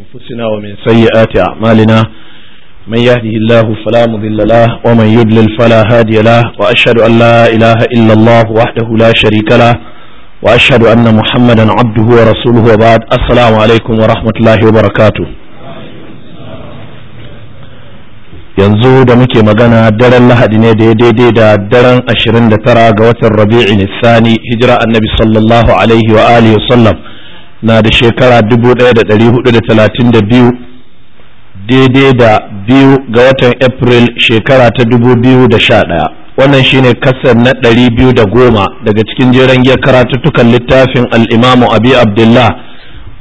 أنفسنا ومن سيئات أعمالنا من يهده الله فلا مضل له ومن يضلل فلا هادي له وأشهد أن لا إله إلا الله وحده لا شريك له وأشهد أن محمدا عبده ورسوله وبعد السلام عليكم ورحمة الله وبركاته yanzu da muke magana daren lahadi ne daidai da daren 29 ga watan rabi'in sani hijira annabi sallallahu alaihi wa alihi wa sallam na da shekara 1432 daidai da biyu ga watan april shekara ta sha 2011 wannan shine kasar na da goma. daga cikin jeren giyar karatuttukan littafin al'imamu abi abdullah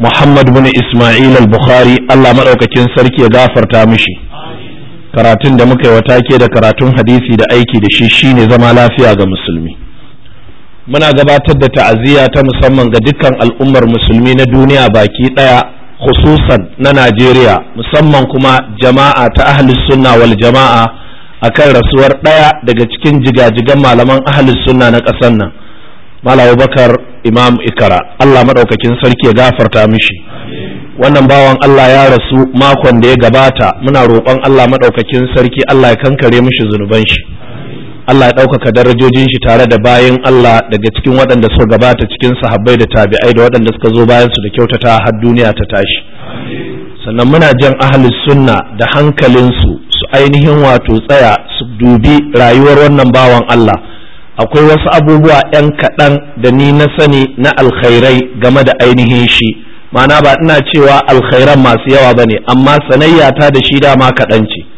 muhammad bin ismail al-bukhari allah maɗaukakin sarki ya gafarta mishi karatun da muka yi wa take da karatun hadisi da aiki da shi shine zama lafiya ga musulmi muna gabatar da ta'aziyya ta musamman ga dukkan al'ummar musulmi na duniya baki ɗaya khususan na Najeriya musamman kuma jama'a ta ahlus sunna wal jama'a akan rasuwar ɗaya daga cikin jigajigan malaman ahlus sunna na kasar nan Malam Bakar Imam Ikara Allah madaukakin sarki ya gafarta mishi wannan bawan Allah ya rasu makon da ya gabata muna roƙon Allah madaukakin sarki Allah ya kankare mishi zunuban shi Allah ya ɗaukaka darajojin shi tare da bayan Allah daga cikin waɗanda suka gabata cikin sahabbai da tabi'ai da waɗanda suka zo bayan su da kyautata har duniya ta tashi sannan muna jan ahli sunna da hankalin su su ainihin wato tsaya su dubi rayuwar wannan bawan Allah akwai wasu abubuwa 'yan kaɗan da ni na sani na alkhairai game da ainihin shi ma'ana ba ina cewa alkhairan masu yawa ba ne amma sanayya ta da shi dama kaɗan ce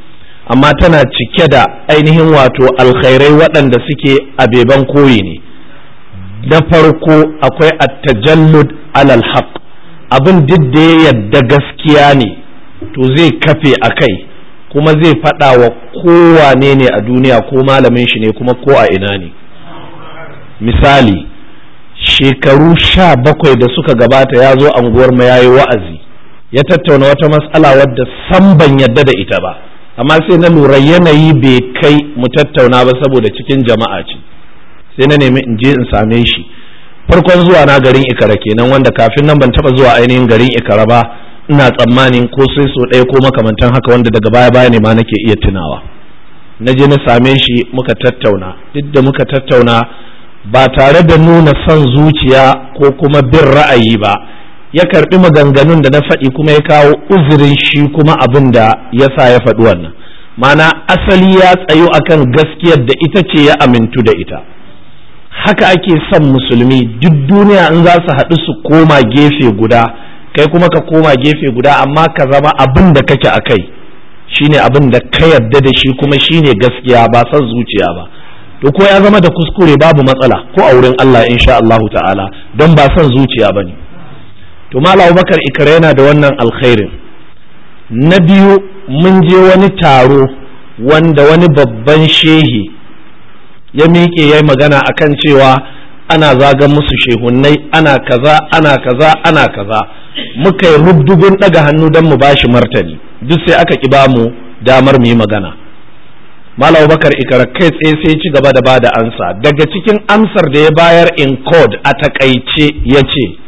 amma tana cike da ainihin wato alkhairai waɗanda suke abeban koyi ne na farko akwai attajallud alal haq abin duk da ya yarda gaskiya ne to zai kafe a kai kuma zai faɗa wa kowane ne a duniya ko malamin shi ne kuma ko a ina ne misali shekaru sha bakwai da suka gabata ya zo anguwar ma yi wa'azi ya tattauna wata matsala wadda san ban yadda da ita ba amma sai na lura yanayi bai kai mu tattauna ba saboda cikin jama'a ce sai na nemi in je in same shi farkon zuwa na garin ikara kenan wanda kafin nan ban taba zuwa ainihin garin ikara ba ina tsammanin ko sai so ɗaya ko makamantan haka wanda daga baya baya ne ma nake iya tunawa na je na same shi muka tattauna duk da muka tattauna ba tare da nuna son zuciya ko kuma bin ra'ayi ba ya karbi maganganun da na faɗi kuma ya kawo uzurin shi kuma abin da ya sa ya faɗi wannan ma'ana asali ya tsayo akan gaskiyar da ita ce ya amintu da ita haka ake son musulmi duk duniya in za su haɗu su koma gefe guda kai kuma ka koma gefe guda amma ka zama abin da kake a kai shine abin da ka yarda da shi kuma shine gaskiya ba son zuciya ba to ko ya zama da kuskure babu matsala ko a wurin Allah insha allahu ta'ala don ba san zuciya bane to mala abubakar ikra yana da wannan alkhairin na biyu mun je wani taro wanda wani babban shehi ya miƙe ya yi magana a kan cewa ana zagan musu shehunai ana kaza ana kaza ana kaza muka yi rubdugun ɗaga hannu don mu bashi martani duk sai aka ƙi bamu damar mu yi magana malam bakar ikara kai tsaye sai ci gaba da bada amsa, daga cikin amsar da ya bayar in code a takaice ya ce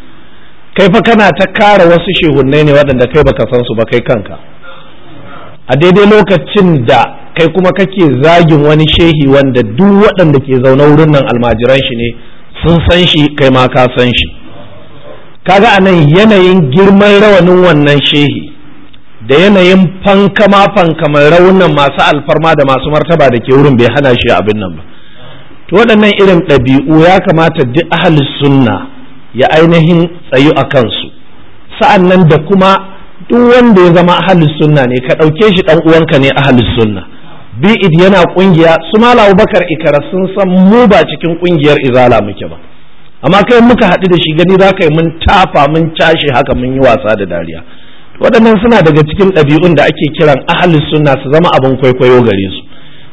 kai fa kana ta kara wasu shehunnai ne waɗanda kai baka san su ba kai kanka a daidai lokacin da kai kuma kake zagin wani shehi wanda duk waɗanda ke zaune wurin nan almajiran shi ne sun san shi kai ma ka san shi kaga anan yanayin girman rawanin wannan shehi da yanayin fanka-ma-fanka mai raunin masu alfarma da masu martaba da ke wurin bai hana shi abin nan ba to waɗannan irin ɗabi'u ya kamata duk ahli sunna ya ainihin tsayu a kansu sa'an nan da kuma duk wanda ya zama ahalus sunna ne ka ɗauke shi ɗan uwanka ne ahalus sunna id yana ƙungiya su mala bakar ikara sun san mu ba cikin ƙungiyar izala muke ba amma kai muka haɗu da shi gani za ka yi mun tafa mun cashe haka mun yi wasa da dariya waɗannan suna daga cikin ɗabi'un da ake kiran ahalus sunna su zama abin kwaikwayo gare su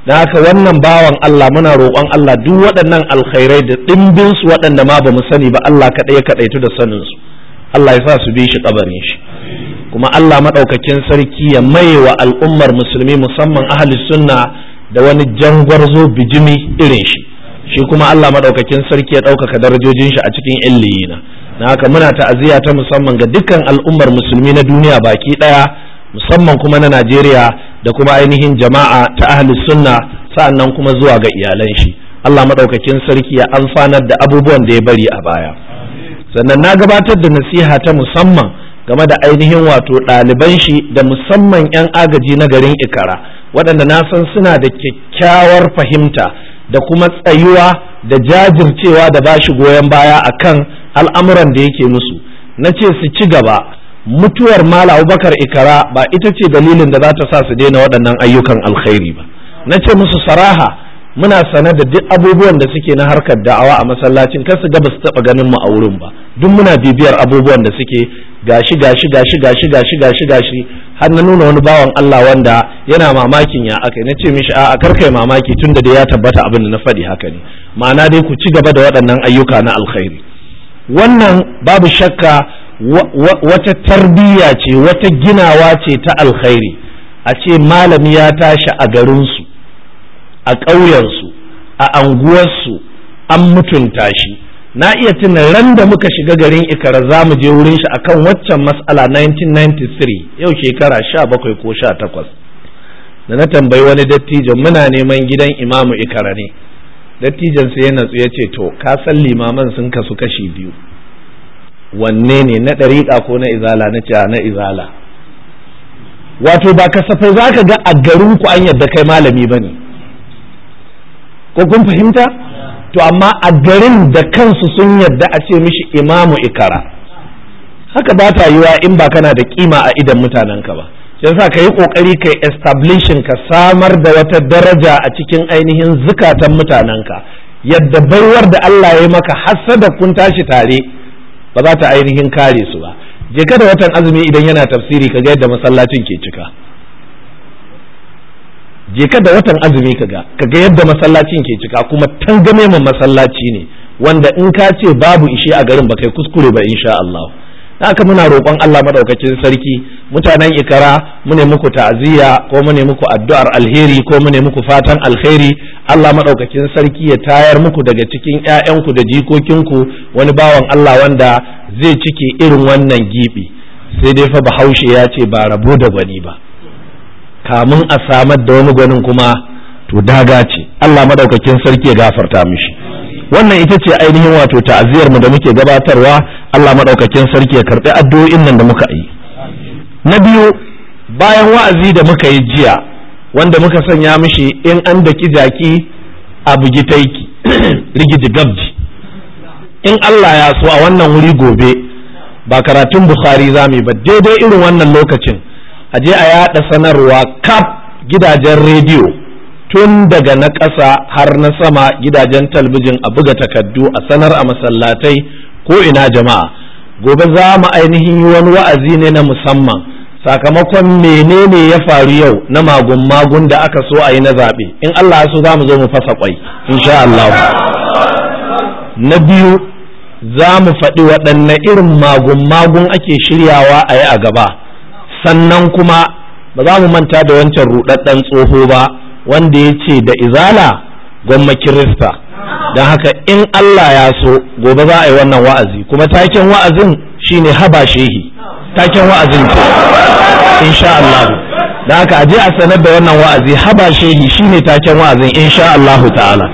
da haka wannan bawan Allah muna roƙon Allah duk waɗannan alkhairai da ɗimbin su waɗanda ma ba mu sani ba Allah kaɗai ya kaɗaitu da sanin su Allah ya sa su bi shi ƙabarin shi kuma Allah maɗaukakin sarki ya maye wa al'ummar musulmi musamman ahli sunna da wani jangwarzo bijimi irin shi shi kuma Allah maɗaukakin sarki ya ɗaukaka darajojin shi a cikin illiyina na haka muna ta'aziyya ta musamman ga dukkan al'ummar musulmi na duniya baki ɗaya musamman kuma na Najeriya da kuma ainihin jama'a ta ahli sunna nan kuma zuwa ga iyalan shi Allah madaukakin sarki ya amfanar da abubuwan da ya bari a baya sannan na gabatar da nasiha ta musamman game da ainihin wato ɗaliban shi da musamman 'yan agaji na garin ikara waɗanda na san suna da kyakkyawar fahimta da kuma tsayuwa da jajircewa da ba shi goyon baya akan al'amuran da yake musu na ce su ci gaba mutuwar mala abubakar ikara ba ita ce dalilin da za ta sa su daina waɗannan ayyukan alkhairi ba na ce musu saraha muna sane da duk abubuwan da suke na harkar da'awa a masallacin kar su ga ba su taɓa ganin mu a wurin ba duk muna bibiyar abubuwan da suke gashi gashi gashi gashi gashi gashi gashi har na nuna wani bawan Allah wanda yana mamakin ya akai na ce mishi a'a kar kai mamaki Tun da ya tabbata abin da na faɗi haka ne ma'ana dai ku ci gaba da waɗannan ayyuka na alkhairi wannan babu shakka wata tarbiyya ce wata ginawa ce ta alkhairi a ce malami ya tashi a garinsu a ƙauyensu a anguwarsu an mutunta shi na iya tuna ran da muka shiga garin ikara za mu je wurin shi akan waccan matsala 1993 yau shekara 17 ko 18 da na tambayi wani dattijo muna neman gidan imamu ikara ne dattijan sai ya natsu ya ce to ka san limaman sun kasu kashi biyu wanne ne na ɗariƙa ko na izala na cewa na izala wato ba kasafai za ka ga a garin ku an yadda kai malami ba ne ko kun fahimta to amma a garin da kansu sun yadda a ce mishi imamu ikara haka ba ta yiwa in ba kana da kima a idan mutanenka ba yasa ka yi kokari ka establishin ka samar da wata daraja a cikin ainihin zukatan ka, yadda baiwar da Allah ya maka hassada kun tashi tare ba za ta ainihin kare su ba je ka da watan azumi idan yana tafsiri kaga yadda masallacin ke cika je ka da watan azumi kaga kaga yadda masallacin ke cika kuma tangame masallaci ne wanda in ka ce babu ishe a garin ba kai kuskure ba insha Allah haka muna roƙon Allah madaukakin sarki mutanen ikara mu muku ta'aziyya ko mu muku addu'ar alheri ko mu muku fatan alheri Allah madaukakin sarki ya tayar muku daga cikin ƴaƴanku da jikokinku wani bawan Allah wanda zai cike irin wannan gibi sai dai fa bahaushe ya ce ba rabo da gwani ba kamun a samar da wani gwanin kuma to daga ce Allah madaukakin sarki ya gafarta mishi wannan ita ce ainihin wato ta'aziyar mu da muke gabatarwa Allah Maɗaukakin sarki ya karɓi addu'o'in nan da muka yi na biyu bayan wa'azi da muka yi jiya wanda muka sanya mishi in an daki jaki a bugi taiki rigiji gabji in Allah ya so a wannan wuri gobe ba karatun Bukhari zamu ba daidai irin wannan lokacin a je a yada sanarwa kap gidajen rediyo tun daga na ƙasa har na sama gidajen talbijin a buga takardu a sanar a masallatai ko ina jama'a gobe za mu ainihin yi wani wa'azi ne na musamman sakamakon menene ya faru yau na magun magun da aka so a yi na zaɓe in Allah so za mu zo mu fasa kwai insha Allah na biyu za mu faɗi waɗanne irin magun magun ake shiryawa a yi a gaba sannan kuma ba za mu manta da wancan ruɗaɗɗen tsoho ba wanda ya ce da izala gwamma kirista don haka in Allah ya so gobe za a yi wannan wa'azi kuma taken wa'azin shine haba shehi taken wa'azin ce insha Allah don haka aje a sanar da wannan wa'azi haba shehi shine taken wa'azin insha Allah ta'ala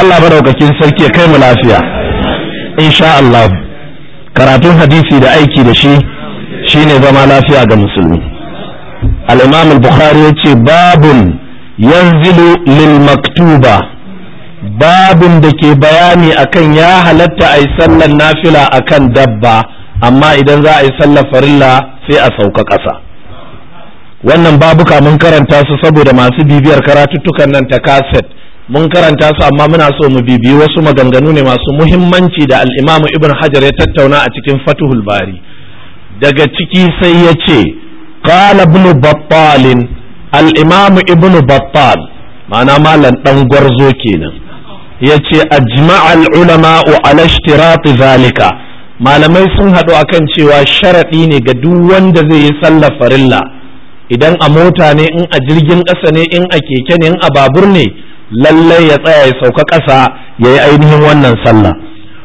Allah madaukakin sarki ya kai mu lafiya insha Allah karatun hadisi da aiki da shi shine zama lafiya ga musulmi al-imam al-bukhari yace babun yanzilu lil maktuba babin da ke bayani akan ya halatta a yi sallar nafila akan dabba amma idan za a yi sallar farilla sai a sauka ƙasa wannan babuka mun karanta su saboda masu bibiyar karatuttukan nan ta kaset mun karanta su amma muna so mu bibiyi wasu maganganu ne masu muhimmanci da al'imamu ibn hajar ya tattauna a cikin fatuhul bari daga ciki sai ya ce qala ibn battalin al-imam ibn battal ma'ana malam dan gwarzo kenan yace ajma'a al-ulama ala ishtirat zalika malamai sun haɗu akan cewa sharaɗi ne ga duk wanda zai yi sallar farilla idan a mota ne in a jirgin ƙasa ne in a keke ne in a babur ne lallai ya tsaya ya sauka ƙasa ya yi ainihin wannan sallah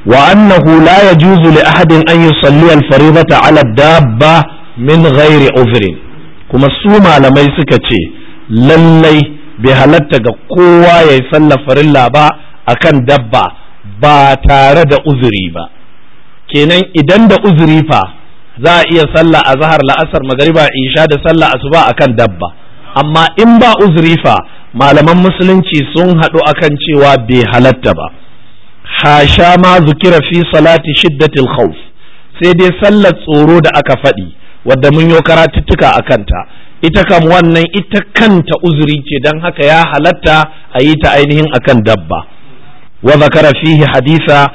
wa annahu la yajuzu li ahadin an yusalli al-faridata ala dabba min ghairi overin. kuma su malamai suka ce lallai bai halatta ga kowa ya yi sallar farilla ba akan dabba ba tare da uzuri ba kenan idan da uzuri fa za a iya sallah a zahar la'asar magariba isha da sallah asuba akan dabba amma in ba uzuri fa malaman musulunci sun haɗu akan cewa bai halatta ba hasha ma zukira fi salati shiddatil khawf sai dai sallar tsoro da aka faɗi wadda mun yi karatuttuka a kanta ita kam wannan ita kanta uzuri ce don haka ya halatta a yi ta ainihin akan dabba wa zakara fihi haditha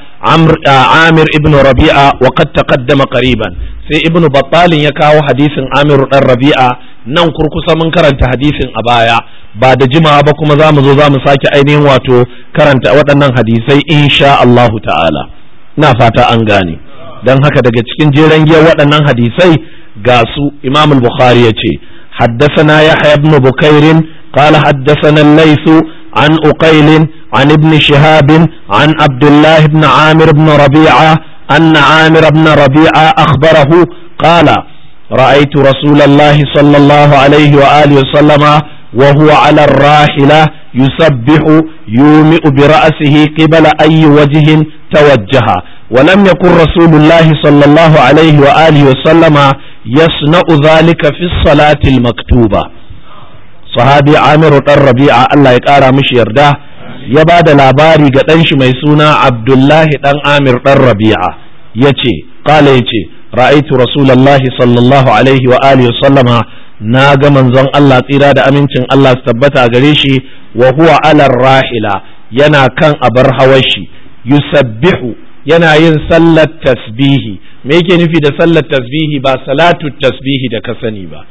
amir ibn rabi'a wa qad taqaddama qariban sai ibn battalin ya kawo hadisin amir dan rabi'a nan kurkusa mun karanta hadisin a baya ba da jimawa ba kuma zamu zo zamu sake ainihin wato karanta waɗannan hadisai insha Allahu ta'ala na fata an gane Dan haka daga cikin jeren giyar waɗannan hadisai ga su imam al-bukhari yace haddathana yahya ibn bukairin qala haddathana al-layth an uqail an ibn shihab an abdullah ibn amir ibn rabi'a أن عامر بن ربيعة أخبره قال رأيت رسول الله صلى الله عليه وآله وسلم وهو على الراحلة يسبح يومئ برأسه قبل أي وجه توجه ولم يكن رسول الله صلى الله عليه وآله وسلم yasna'u zalika fi salatil maktuba sahabi Amiru dan Rabi'a Allah ya ƙara mishi yarda ya ba da labari ga ɗanshi mai suna Abdullahi ɗan Amir dan Rabi'a yace qala yace ra'aitu rasulullahi sallallahu alaihi wa wa sallama na ga manzon Allah tsira da amincin Allah su tabbata gare shi wa huwa ala rahila yana kan abar hawar shi yusabbihu yana yin sallar tasbihi me yake nufi da sallar tasbihi ba salatu tasbihi da ka sani ba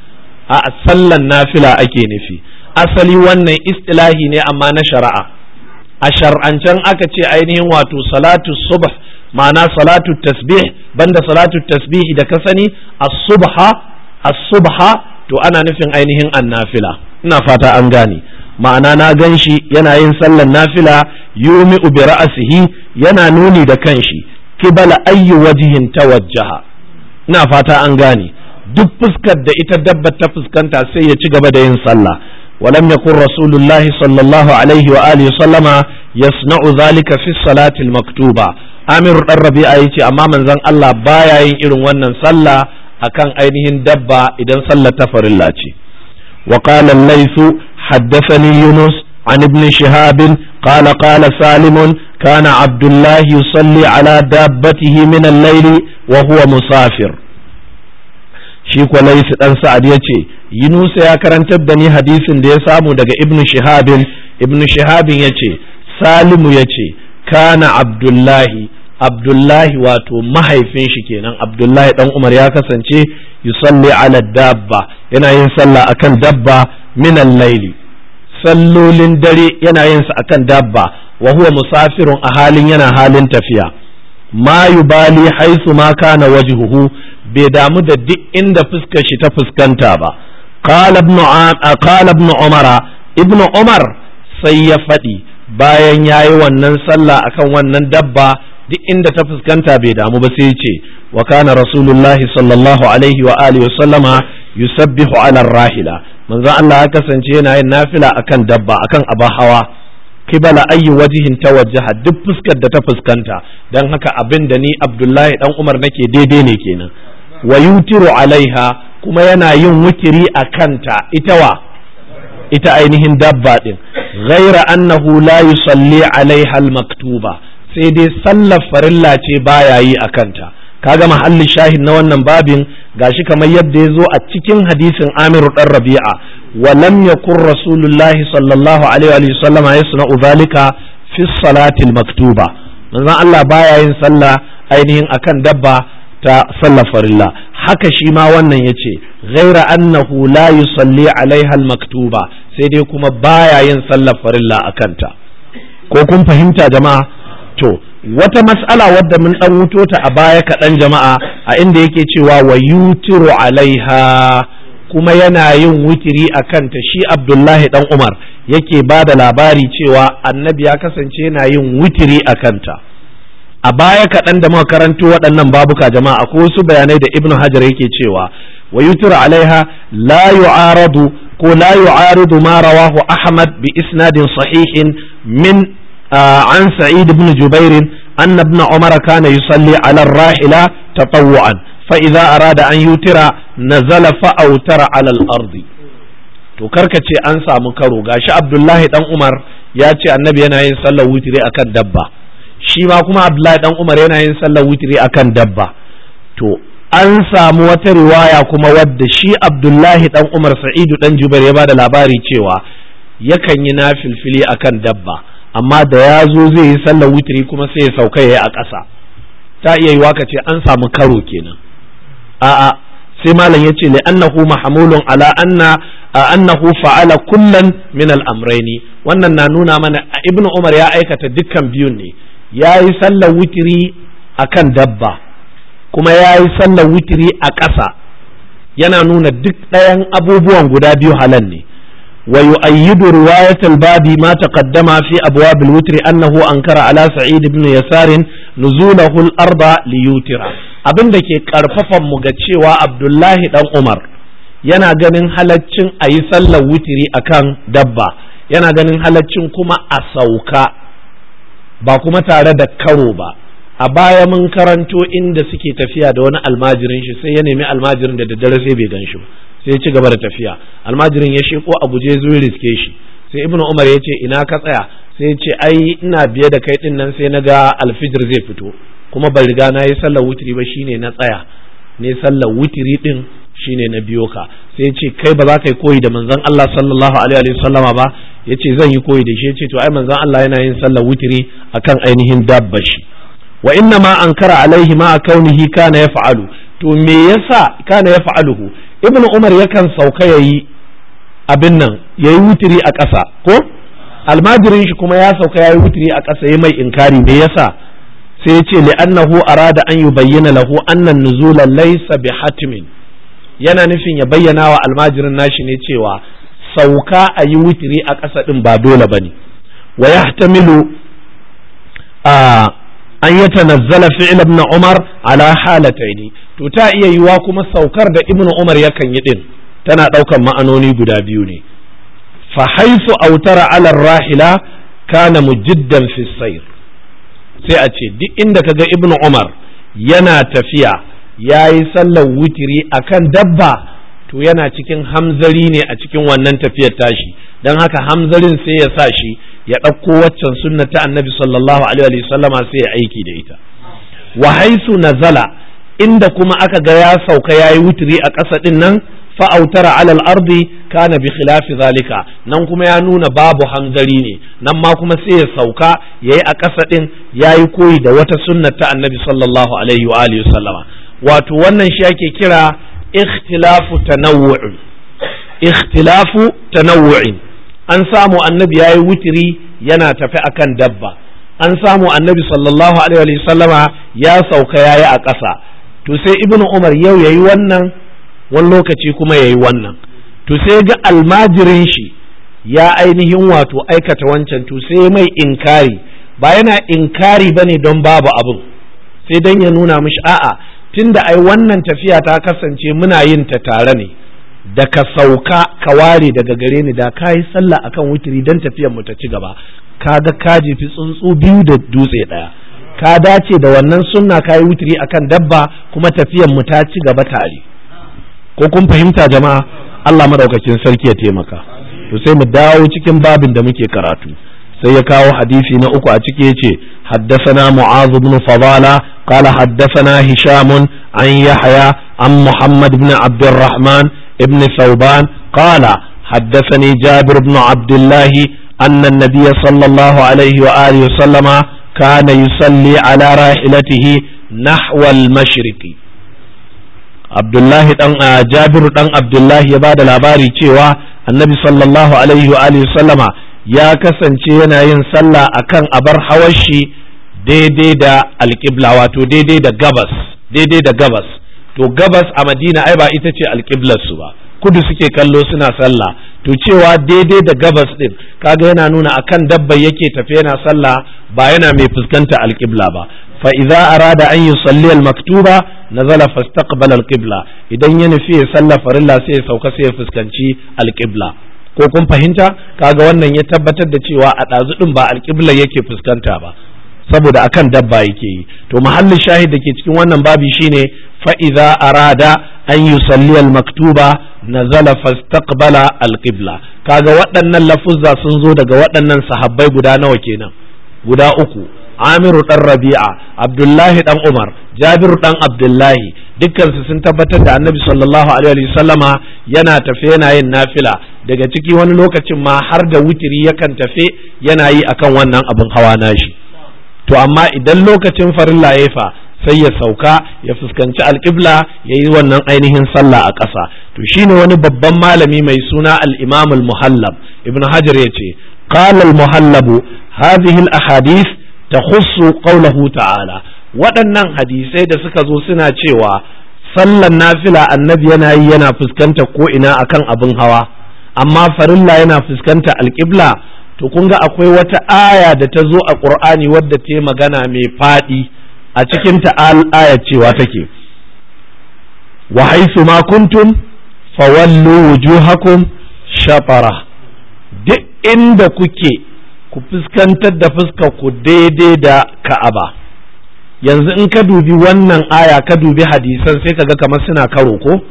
a sallar nafila ake nufi asali wannan istilahi ne amma na shari'a a shar'ancen aka ce ainihin wato salatu subh ma'ana salatu tasbih banda salatu tasbihi da ka sani as-subha as-subha to ana nufin ainihin annafila ina fata an gane ma'ana na gan shi yana yin sallar nafila yumi bi ra'asihi yana nuni da kanshi kibala ayyu wajihin tawajjaha ina fata an gane duk fuskar da ita dabba ta fuskanta sai ya ci gaba da yin sallah ولم يكن رسول الله صلى الله عليه وآله وسلم يصنع ذلك في الصلاة المكتوبة أمير الربيع يتي أما من زن الله بايا يرون ونن صلى أكان أينهن دبا إذن صلى تفر الله وقال الليث حدثني يونس عن ابن شهاب قال قال سالم كان عبد الله يصلي على دابته من الليل وهو shi kuwa laisu ɗan sa'ad ya ce yunusa ya karantar da ni hadisin da ya samu daga ibnu shihabin ibnu shihabin ya ce salimu ya ce kana abdullahi abdullahi wato mahaifinshi kenan abdullahi ɗan umar ya kasance yusalli ala dabba yana yin sallah akan dabba minan laili sallolin dare yana yin sa akan dabba wa huwa musafirun a halin yana halin tafiya ma yubali haisu ma kana wajhuhu bai damu da duk inda fuskar shi ta fuskanta ba qala ibn qala ibn umar ibn umar sai ya faɗi bayan yayi wannan sallah akan wannan dabba duk inda ta fuskanta bai damu ba sai ce wa kana rasulullahi sallallahu alaihi wa alihi wa sallama yusabbihu ala rahila manzo Allah ya kasance yana yin nafila akan dabba akan aba hawa kibala ayi wajihin tawajjaha duk fuskar da ta fuskanta dan haka abin da ni Abdullahi dan Umar nake daidai ne kenan wa yutiru alaiha kuma yana yin wutiri a kanta ita wa ita ainihin dabba din ghaira annahu la yusalli alaiha almaktuba sai dai sallar farilla ce baya yi a kanta kaga mahallin shahin na wannan babin gashi kamar yadda ya zo a cikin hadisin Amir dan Rabi'a wa lam yakun rasulullahi sallallahu alaihi wa sallam yasna'u zalika fi salatil maktuba manzon Allah baya yin sallah ainihin akan dabba ta sallar farilla haka shi ma wannan yace ghaira annahu la yusalli alaiha maktuba sai dai kuma baya yin sallar farilla akan ta ko kun fahimta jama'a to wata mas'ala wadda mun dan wuto ta a baya kaɗan jama'a a inda yake cewa wa yutiru alaiha kuma yana yin wutiri a kanta shi abdullahi dan umar yake ba da labari cewa annabi ya kasance yana yin wutiri a kanta a baya kaɗan da muka karanto waɗannan babuka jama'a akwai wasu bayanai da ibnu hajar yake cewa wa yutiru alaiha la yu'aradu ko la yu'aridu ma rawahu ahmad bi isnadin sahihin min an sa'id ibn jubair anna ibn umar kana yusalli ala rahila tatawwan fa idza arada an yutira nazala fa autara ala al-ardi to karka ce an samu karo gashi abdullahi dan umar ya ce annabi yana yin sallar wutiri akan dabba shi ma kuma abdullahi dan umar yana yin sallar wutiri akan dabba to an samu wata riwaya kuma wadda shi abdullahi ɗan umar sa'idu dan jubair ya ba da labari cewa yakan yi na nafilfili akan dabba amma da ya zo zai yi sallar witiri kuma sai ya sauka ya yi a ƙasa ta iya yiwa ka ce an samu karo kenan a'a sai malam ya ce li annahu mahmulun ala anna annahu fa'ala kullan min al wannan na nuna mana Ibn umar ya aikata dukkan biyun ne ya yi sallar witiri akan dabba kuma ya yi sallar witiri a ƙasa yana nuna duk ɗayan abubuwan guda biyu halal ne ويؤيد رواية الباب ما تقدم في أبواب الوتر أنه أنكر على سعيد بن يسار نزوله الأرض liyutira. abin da ke karfafan mu ga cewa Abdullahi dan Umar yana ganin halaccin a yi sallar wutiri kan dabba yana ganin halaccin kuma a sauka ba kuma tare da karo ba a baya mun karanto inda suke tafiya da wani almajirin shi sai ya nemi almajirin da daddare sai bai gan ba sai ya ci gaba da tafiya almajirin ya shiko a guje zuwa riske shi sai ibnu umar ya ce ina ka tsaya sai ya ce ai ina biye da kai din nan sai na ga alfijir zai fito kuma ban riga na yi sallar wutiri ba shine na tsaya ne sallar wutiri din shine na biyo ka sai ya ce kai ba za ka yi koyi da manzon Allah sallallahu alaihi wa ba ya ce zan yi koyi da shi ya ce to ai manzon Allah yana yin sallar wutiri akan ainihin dabbar shi wa inna ma ankara alaihi ma kaunihi kana yaf'alu to me yasa kana yaf'aluhu ibnu umar yakan sauka yayi abin nan yayi wutiri a ƙasa ko almajirin shi kuma ya sauka ya yi wutiri a ƙasa ya mai inkari me yasa sai ya ce li'annahu arada an yubayyana lahu anna nuzula laysa bihatimin yana nufin ya bayyana wa almajirin nashi ne cewa sauka a yi wutiri a ƙasa ɗin ba dole ba ne wa ya tamilu an yi tanazzala fi'il ibn umar ala halataini to ta iya yiwa kuma saukar da ibnu umar yakan yi din tana ɗaukan ma'anoni guda biyu ne fa haifu autara alar rahila kana mujiddan fi sayr sai a ce duk inda kaga ibnu umar yana tafiya yayi sallar wutiri akan dabba to yana cikin hamzari ne a cikin wannan tafiyar tashi don haka hamzarin sai ya sa shi ya ɗauko waccan sunna ta annabi sallallahu alaihi wa sallama sai ya aiki da ita wa haisu nazala inda kuma aka ga ya sauka ya yi wutiri a ƙasa ɗin nan fa'autara alal ardi kana bi khilafi zalika nan kuma ya nuna babu hanzari ne nan ma kuma sai ya sauka yayi a ƙasa ya yayi koyi da wata sunna ta annabi sallallahu alaihi wa alihi sallama wato wannan shi ake kira ikhtilafu tanawwu'in ikhtilafu tanawwu'in an samu annabi yi wutiri yana tafi akan dabba an samu annabi sallallahu alaihi wa sallama ya sauka yayi a ƙasa to sai ibnu umar yau yayi wannan wani lokaci kuma yayi wannan to sai ga almajirin shi ya ainihin wato aikata wancan to sai mai inkari ba yana inkari bane don babu abin sai dan ya nuna mishi a'a tunda ai wannan tafiya ta kasance muna yin ta tare ne da ka sauka ka ware daga gare ni da ka yi sallah akan wutiri don tafiyar mu ta ci gaba Ka ga kaji fi tsuntsu biyu da dutse ɗaya ka dace da wannan sunna ka yi wutiri akan dabba kuma tafiyan mu ta ci gaba tare ko kun fahimta jama'a Allah madaukakin sarki ya taimaka to sai mu dawo cikin babin da muke karatu sai ya kawo hadisi na uku a ciki yace haddathana mu'az ibn fadala qala haddathana hisham an yahya an muhammad ibn abdurrahman ibn thawban qala حدثني جابر بن عبد الله أن sallallahu صلى الله عليه وآله kana salli ala rahilatihi nahwal mashriqi Abdullahi ah, Jabiru dan Abdullahi ya bada labari cewa Annabi sallallahu alaihi wa alihi sallama ya kasance yana yin sallah akan abar hawar shi daidai da alƙibla wato daidai da gabas daidai da gabas to gabas a Madina ai ba ita ce alƙiblar su ba kudu suke kallo suna sallah to cewa daidai da gabas din kaga yana nuna akan dabba yake tafe yana sallah ba yana mai fuskanta alqibla ba fa idza arada an yusalli almaktuba nazala fastaqbala alqibla idan ya nufi ya sallah farilla sai ya sauka sai ya fuskanci alqibla ko kun fahimta kaga wannan ya tabbatar da cewa a ɗazu ɗin ba alƙibla yake fuskanta ba saboda akan dabba yake yi to mahallin shahid da ke cikin wannan babi shine fa'iza arada an yi salliyar maktuba na zala fastaqbala alƙibla kaga waɗannan lafuzza sun zo daga waɗannan sahabbai guda nawa kenan guda uku amiru ɗan rabi'a abdullahi ɗan umar jabiru ɗan abdullahi dukansu sun tabbatar da annabi sallallahu alaihi sallama yana tafe yana yin nafila daga ciki wani lokacin ma har da wutiri yakan tafe yana yi akan wannan abin hawa na shi. to amma idan lokacin farin ya fa sai ya sauka ya fuskanci alƙibla ya yi wannan ainihin sallah a ƙasa to shine wani babban malami mai suna al-imam al-muhallab ibn hajar ya ce qala al-muhallab hadhihi al-ahadith tahussu qawluhu ta'ala waɗannan hadisai da suka zo suna cewa sallan nafila annabi yana yi yana fuskanta ko ina akan abin hawa amma farilla yana fuskanta alƙibla to kun ga akwai wata aya da ta zo a ƙur'ani wadda ta magana mai faɗi a cikin al'aya cewa take wa haisu ma kuntum fawallu wujuhakum shatara duk inda kuke ku fuskantar da fuska ku daidai da ka'aba yanzu in ka dubi wannan aya ka dubi hadisan sai ka ga kamar suna karo ko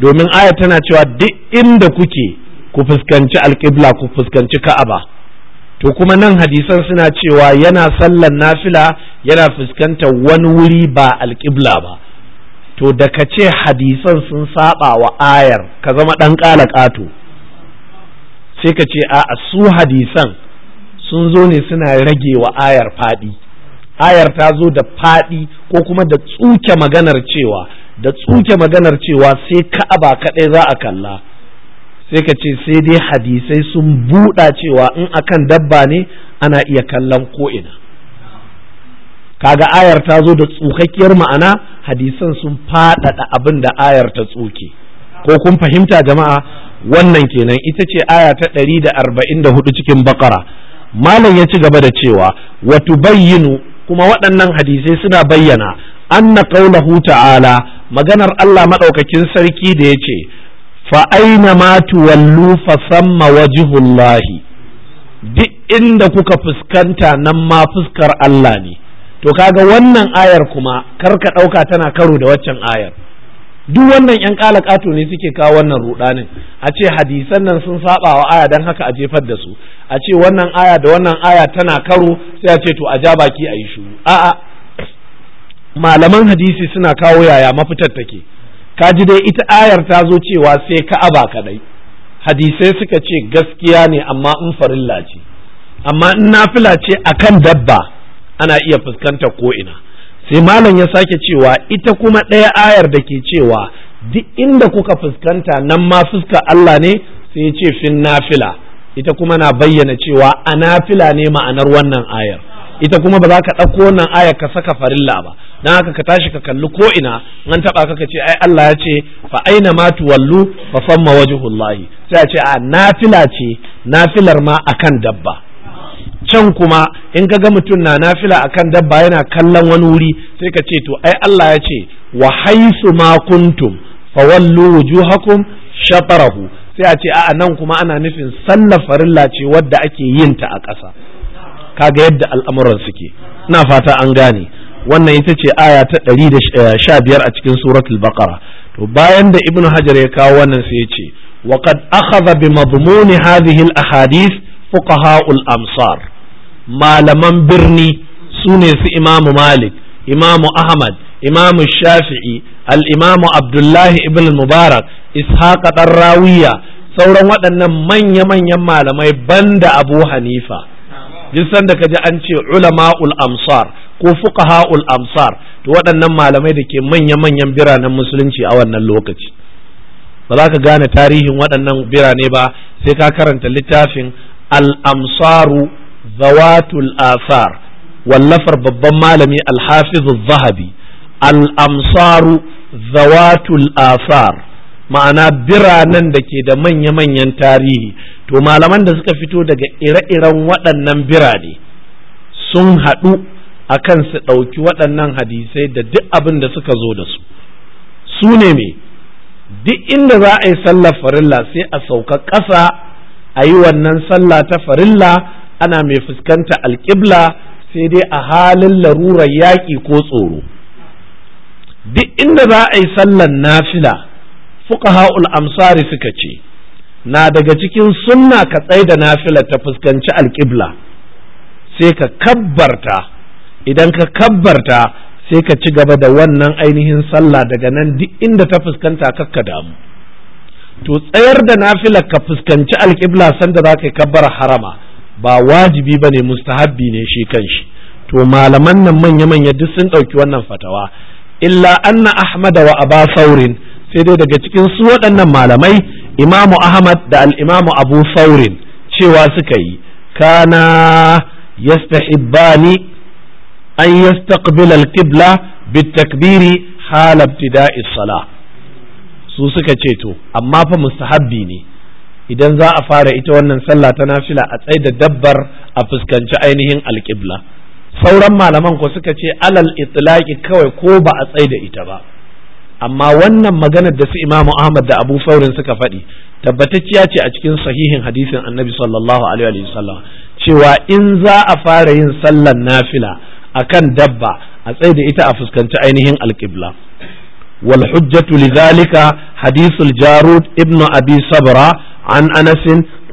domin aya tana cewa duk inda kuke ku fuskanci alƙibla ku fuskanci ka'aba to kuma nan hadisan suna cewa yana sallan nafila yana fuskantar wani wuri ba alƙibla ba to da ka ce hadisan sun saba wa ayar ka zama ɗan ƙala ƙato sai ka ce a su hadisan sun zo ne suna rage wa ayar faɗi ayar ta zo da faɗi ko kuma da tsuke maganar cewa da tsuke maganar cewa sai ka'aba kaɗai za a kalla sai ka ce sai dai hadisai sun buɗa cewa in akan dabba ne ana iya kallon ko'ina kaga ayar ta zo da tsukakkiyar ma'ana hadisan sun faɗaɗa abin da ayar ta tsuke ko kun fahimta jama'a wannan kenan ita ce aya ta ɗari da arba'in da hudu cikin bakara malam ya ci gaba da cewa wato bayyinu kuma waɗannan hadisai suna bayyana anna qaulahu ta'ala maganar Allah madaukakin sarki da ya ce. fa aina ma tuwallu fa samma wajhullahi duk inda kuka fuskanta nan ma fuskar Allah ne to kaga wannan ayar kuma karka ɗauka tana karo da waccan ayar duk wannan yan kala-kato ne suke kawo wannan rudanin a ce hadisan nan sun saba wa aya dan haka a jefar da su a ce wannan aya da wannan aya tana karo sai a ce to a ja baki a yi shuru a'a malaman hadisi suna kawo yaya mafitar take ka ji dai ita ayar ta zo cewa sai ka'aba kadai hadisai suka ce gaskiya ne amma in farilla ce amma in nafila ce akan dabba ana iya fuskantar ko ina sai malam ya sake cewa ita kuma ɗaya ayar da ke cewa duk inda kuka fuskanta nan ma fuska Allah ne sai ya ce fin nafila ita kuma na bayyana cewa a nafila ne ma'anar wannan ayar ita kuma ba za ka ɗauko wannan aya ka saka farilla ba Na haka ka tashi ka kalli ko ina an taɓa ka ka ce ai Allah ya ce fa aina ma tuwallu fa famma wajhullahi sai a ce a nafila ce nafilar ma akan dabba can kuma in ka ga mutum na nafila akan dabba yana kallon wani wuri sai ka ce to ai Allah ya ce wa haisu ma kuntum fa wallu wujuhakum shatarahu sai a ce a'a nan kuma ana nufin sallar farilla ce wadda ake yin ta a ƙasa kaga yadda al'amuran suke ina fata an gane wannan ita ce aya ta 115 eh, a cikin suratul baqara to bayan da ibnu hajar ya kawo wannan sai ya ce wa qad akhadha bi madmun hadhihi al ahadith fuqaha al amsar malaman birni sune su imamu malik imamu ahmad imamu shafi'i al imamu abdullahi ibn mubarak ishaq dan rawiya sauran waɗannan manya-manyan malamai banda abu hanifa duk sanda ka ji an ce ulama'ul amsar ko fuqaha'ul amsar to waɗannan malamai da ke manya-manyan biranen musulunci a wannan lokaci ba za ka gane tarihin waɗannan birane ba sai ka karanta littafin al-amsaru zawatul asar wallafar babban malami al-hafiz zahabi al-amsaru zawatul asar ma'ana biranen da ke da manya-manyan tarihi to malaman da suka fito daga ire-iren waɗannan birane sun haɗu a kan su ɗauki waɗannan hadisai da duk abin da suka zo da su su ne me duk inda za a yi sallar farilla sai a sauka ƙasa a yi wannan sallah ta farilla ana mai fuskanta alƙibla sai dai a halin larurar yaƙi ko tsoro duk inda za a yi sallar nafila ul amsari suka ce na daga cikin sunna ka tsai da nafila ta fuskanci alƙibla sai ka kabbarta idan ka kabbarta sai ka ci gaba da wannan ainihin sallah daga nan duk inda ta fuskanta kakka damu to tsayar da nafila ka fuskanci alƙibla sanda za ka kabbar harama ba wajibi ba ne mustahabbi ne shi kanshi to malaman nan manya-manya duk sun ɗauki wannan fatawa illa anna ahmada wa aba saurin sai dai daga cikin su waɗannan malamai imamu ahmad da al'imamu abu saurin cewa suka yi kana yastahibbani an yastaqbil al-qibla bitakbiri hal ibtida'i salah su suka ce to amma fa mustahabbi ne idan za a fara ita wannan sallah ta nafila a tsaye da dabbar a fuskanci ainihin alƙibla sauran malaman ko suka ce alal itlaqi kawai ko ba a tsaye da ita ba amma wannan maganar da su imamu ahmad da abu saurin suka faɗi tabbatacciya ce a cikin sahihin hadisin annabi sallallahu alaihi wa sallam cewa in za a fara yin sallar nafila akan dabba a tsaye da ita a fuskanci ainihin alƙibla wal hujjatu lidhalika hadithul jarud ibn abi sabra an anas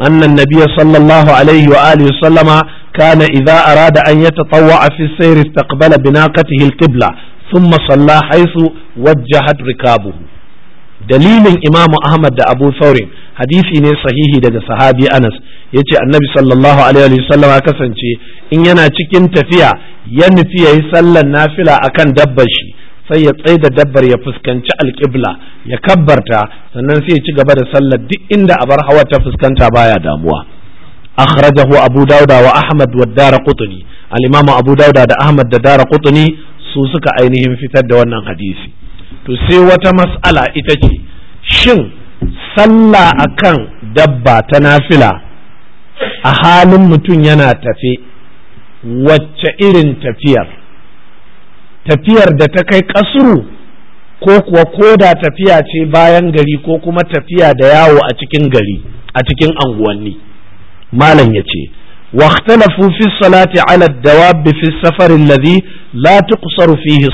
anna an-nabiy sallallahu alaihi wa alihi sallama kana idza arada an yatatawwa fi as-sayr istaqbala binaqatihi al-qibla thumma salla haisu wajjahat rikabuhu dalilin Imam ahmad da abu saurin hadisi ne sahihi daga sahabi anas ya ce annabi sallallahu alaihi wasallama kasance in yana cikin tafiya ya nufi ya yi sallan nafila akan dabbar shi sai ya tsaye da dabbar ya fuskanci alƙibla ya kabbarta sannan sai ya ci gaba da sallar duk inda a bar hawa ta fuskanta baya damuwa akhrajahu abu dauda wa ahmad wa dara qutni al-imam abu dauda da ahmad da dara qutni su suka ainihin fitar da wannan hadisi to sai wata mas'ala ita ce shin sallah akan dabba ta nafila a halin mutum yana tafe wacce irin tafiyar tafiyar da ta kai kasuru ko kuwa koda tafiya ce bayan gari ko kuma tafiya da yawo a cikin gari a cikin anguwanni malam ya ce واختلفوا في الصلاة على الدواب في السفر الذي لا تقصر فيه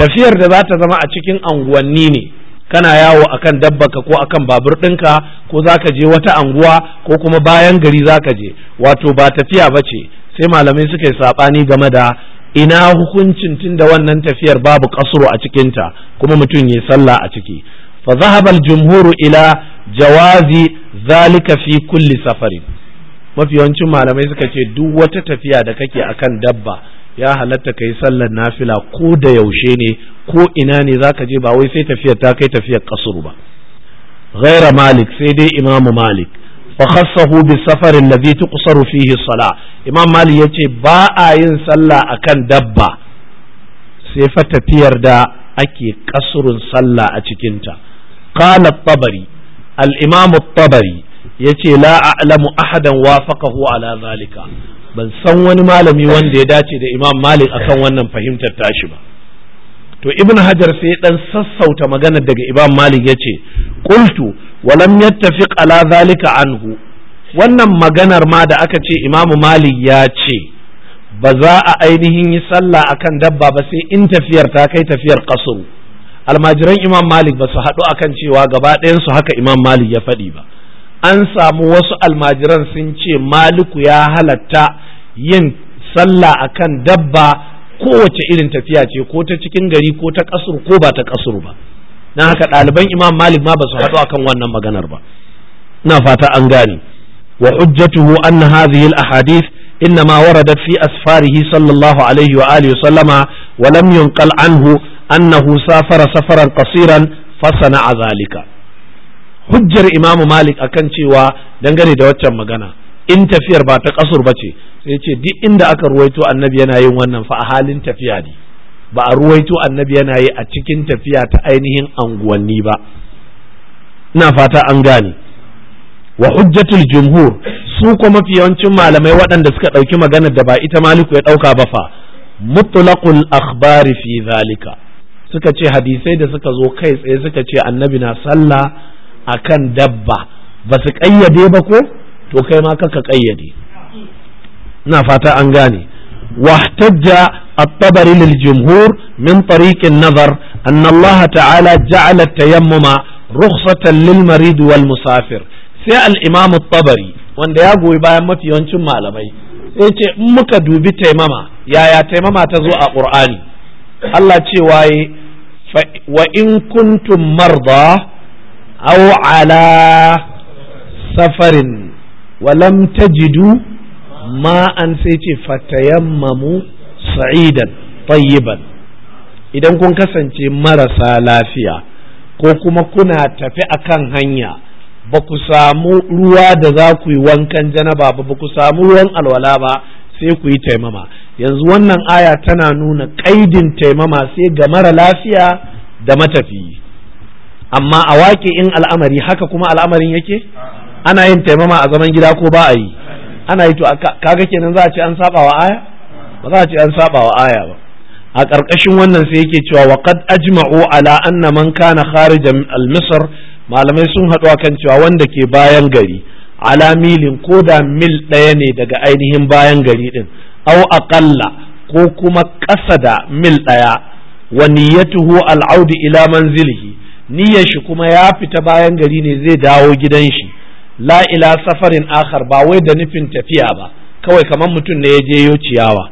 tafiyar da za ta zama a cikin unguwanni ne kana yawo akan dabbaka ko akan babur ɗinka ko za ka je wata anguwa ko kuma bayan gari za ka je wato ba tafiya ba ce sai malamai suka yi saɓani game da ina hukuncin tunda wannan tafiyar babu kasuru a cikinta kuma mutum ya sallah a ciki fa zahabal jumhuru ila jawazi zalika fi kulli safarin mafi yawancin malamai suka ce duk wata tafiya da kake akan dabba ya halatta yi sallar nafila ko da yaushe ne ko ina ne zaka je ba wai sai tafiyar ta kai tafiyar kasuru ba ghaira malik sai dai imamu malik fa khassahu bi safarin ladhi tuqsaru fihi salah imam malik yace ba a yin sallah akan dabba sai fa tafiyar da ake kasurun sallah a cikinta qala tabari al-imam tabari yace la a'lamu ahadan wafaqahu ala zalika ban san wani malami wanda ya dace da imam malik akan wannan fahimtar tashi ba to ibn hajar sai ya dan sassauta magana daga imam malik yace qultu walam tafi ala zalika anhu wannan maganar ma da aka ce imam malik ya ce ba za a ainihin yi sallah akan dabba ba sai in tafiyar ta kai tafiyar kasuru almajiran imam malik ba su haɗu akan cewa gaba ɗayansu haka imam malik ya faɗi ba an samu wasu almajiran sun ce maliku ya halatta yin sallah akan dabba kowace irin tafiya ce ko ta cikin gari ko ta kasur ko ba ta kasur ba na haka ɗaliban imam malik ma ba su haɗu akan wannan maganar ba na fata an gane wa hujjatuhu anna hadhihi al ahadith إنما asfarihi في أسفاره صلى الله عليه وآله وسلم ولم ينقل عنه أنه سافر سفرا قصيرا فصنع ذلك hujjar imamu malik akan cewa dangane da waccan magana in tafiyar ba ta kasur ba ce sai ce duk inda aka ruwaito annabi yana yin wannan fa a halin tafiya ne ba a ruwaito annabi yana yi a cikin tafiya ta ainihin anguwanni ba ina fata an gane wa hujjatul jumhur su ko mafi yawancin malamai waɗanda suka ɗauki magana da ba ita maliku ya ɗauka ba fa mutlaqul akhbari fi zalika suka ce hadisai da suka zo kai tsaye suka ce annabi na sallah akan dabba ba su ƙayyade ba ko to kai ma kaka ƙayyade na fata an gane واحتج الطبري min من nazar annallaha ta'ala الله ta جعل التيمم رخصة wal musafir. sai al'imam tabari wanda ya goyi bayan mafi yawancin malamai sai ce in muka dubi taimama yaya taimama ta zo a ƙur'ani Allah ce waye wa in kuntum marda أو على سفر ولم تجدوا ما أنسيتي فتيمموا سعيدا طيبا idan kun kasance marasa lafiya ko kuma kuna tafi akan hanya ba ku samu ruwa da za ku yi wankan janaba ba ba ku samu ruwan alwala ba sai ku yi taimama yanzu wannan aya tana nuna kaidin taimama sai ga mara lafiya da matafiyi amma a wake in al'amari haka kuma al'amarin yake ana yin taimama a zaman gida ko ba a yi ana yi to kaga kenan za a ce an saba wa aya ba za a ce an saba wa aya ba a ƙarƙashin wannan sai yake cewa wa qad ajma'u ala anna man kana kharijan al-misr malamai sun haɗu kan cewa wanda ke bayan gari ala milin ko da mil ɗaya ne daga ainihin bayan gari din aw aqalla ko kuma ƙasa da mil ɗaya wa niyyatuhu al-audi ila manzilihi niyyar shi kuma ya fita bayan gari ne zai dawo gidan shi la ila safarin akhar ba wai da nufin tafiya ba kawai kamar mutum ne ya je yo ciyawa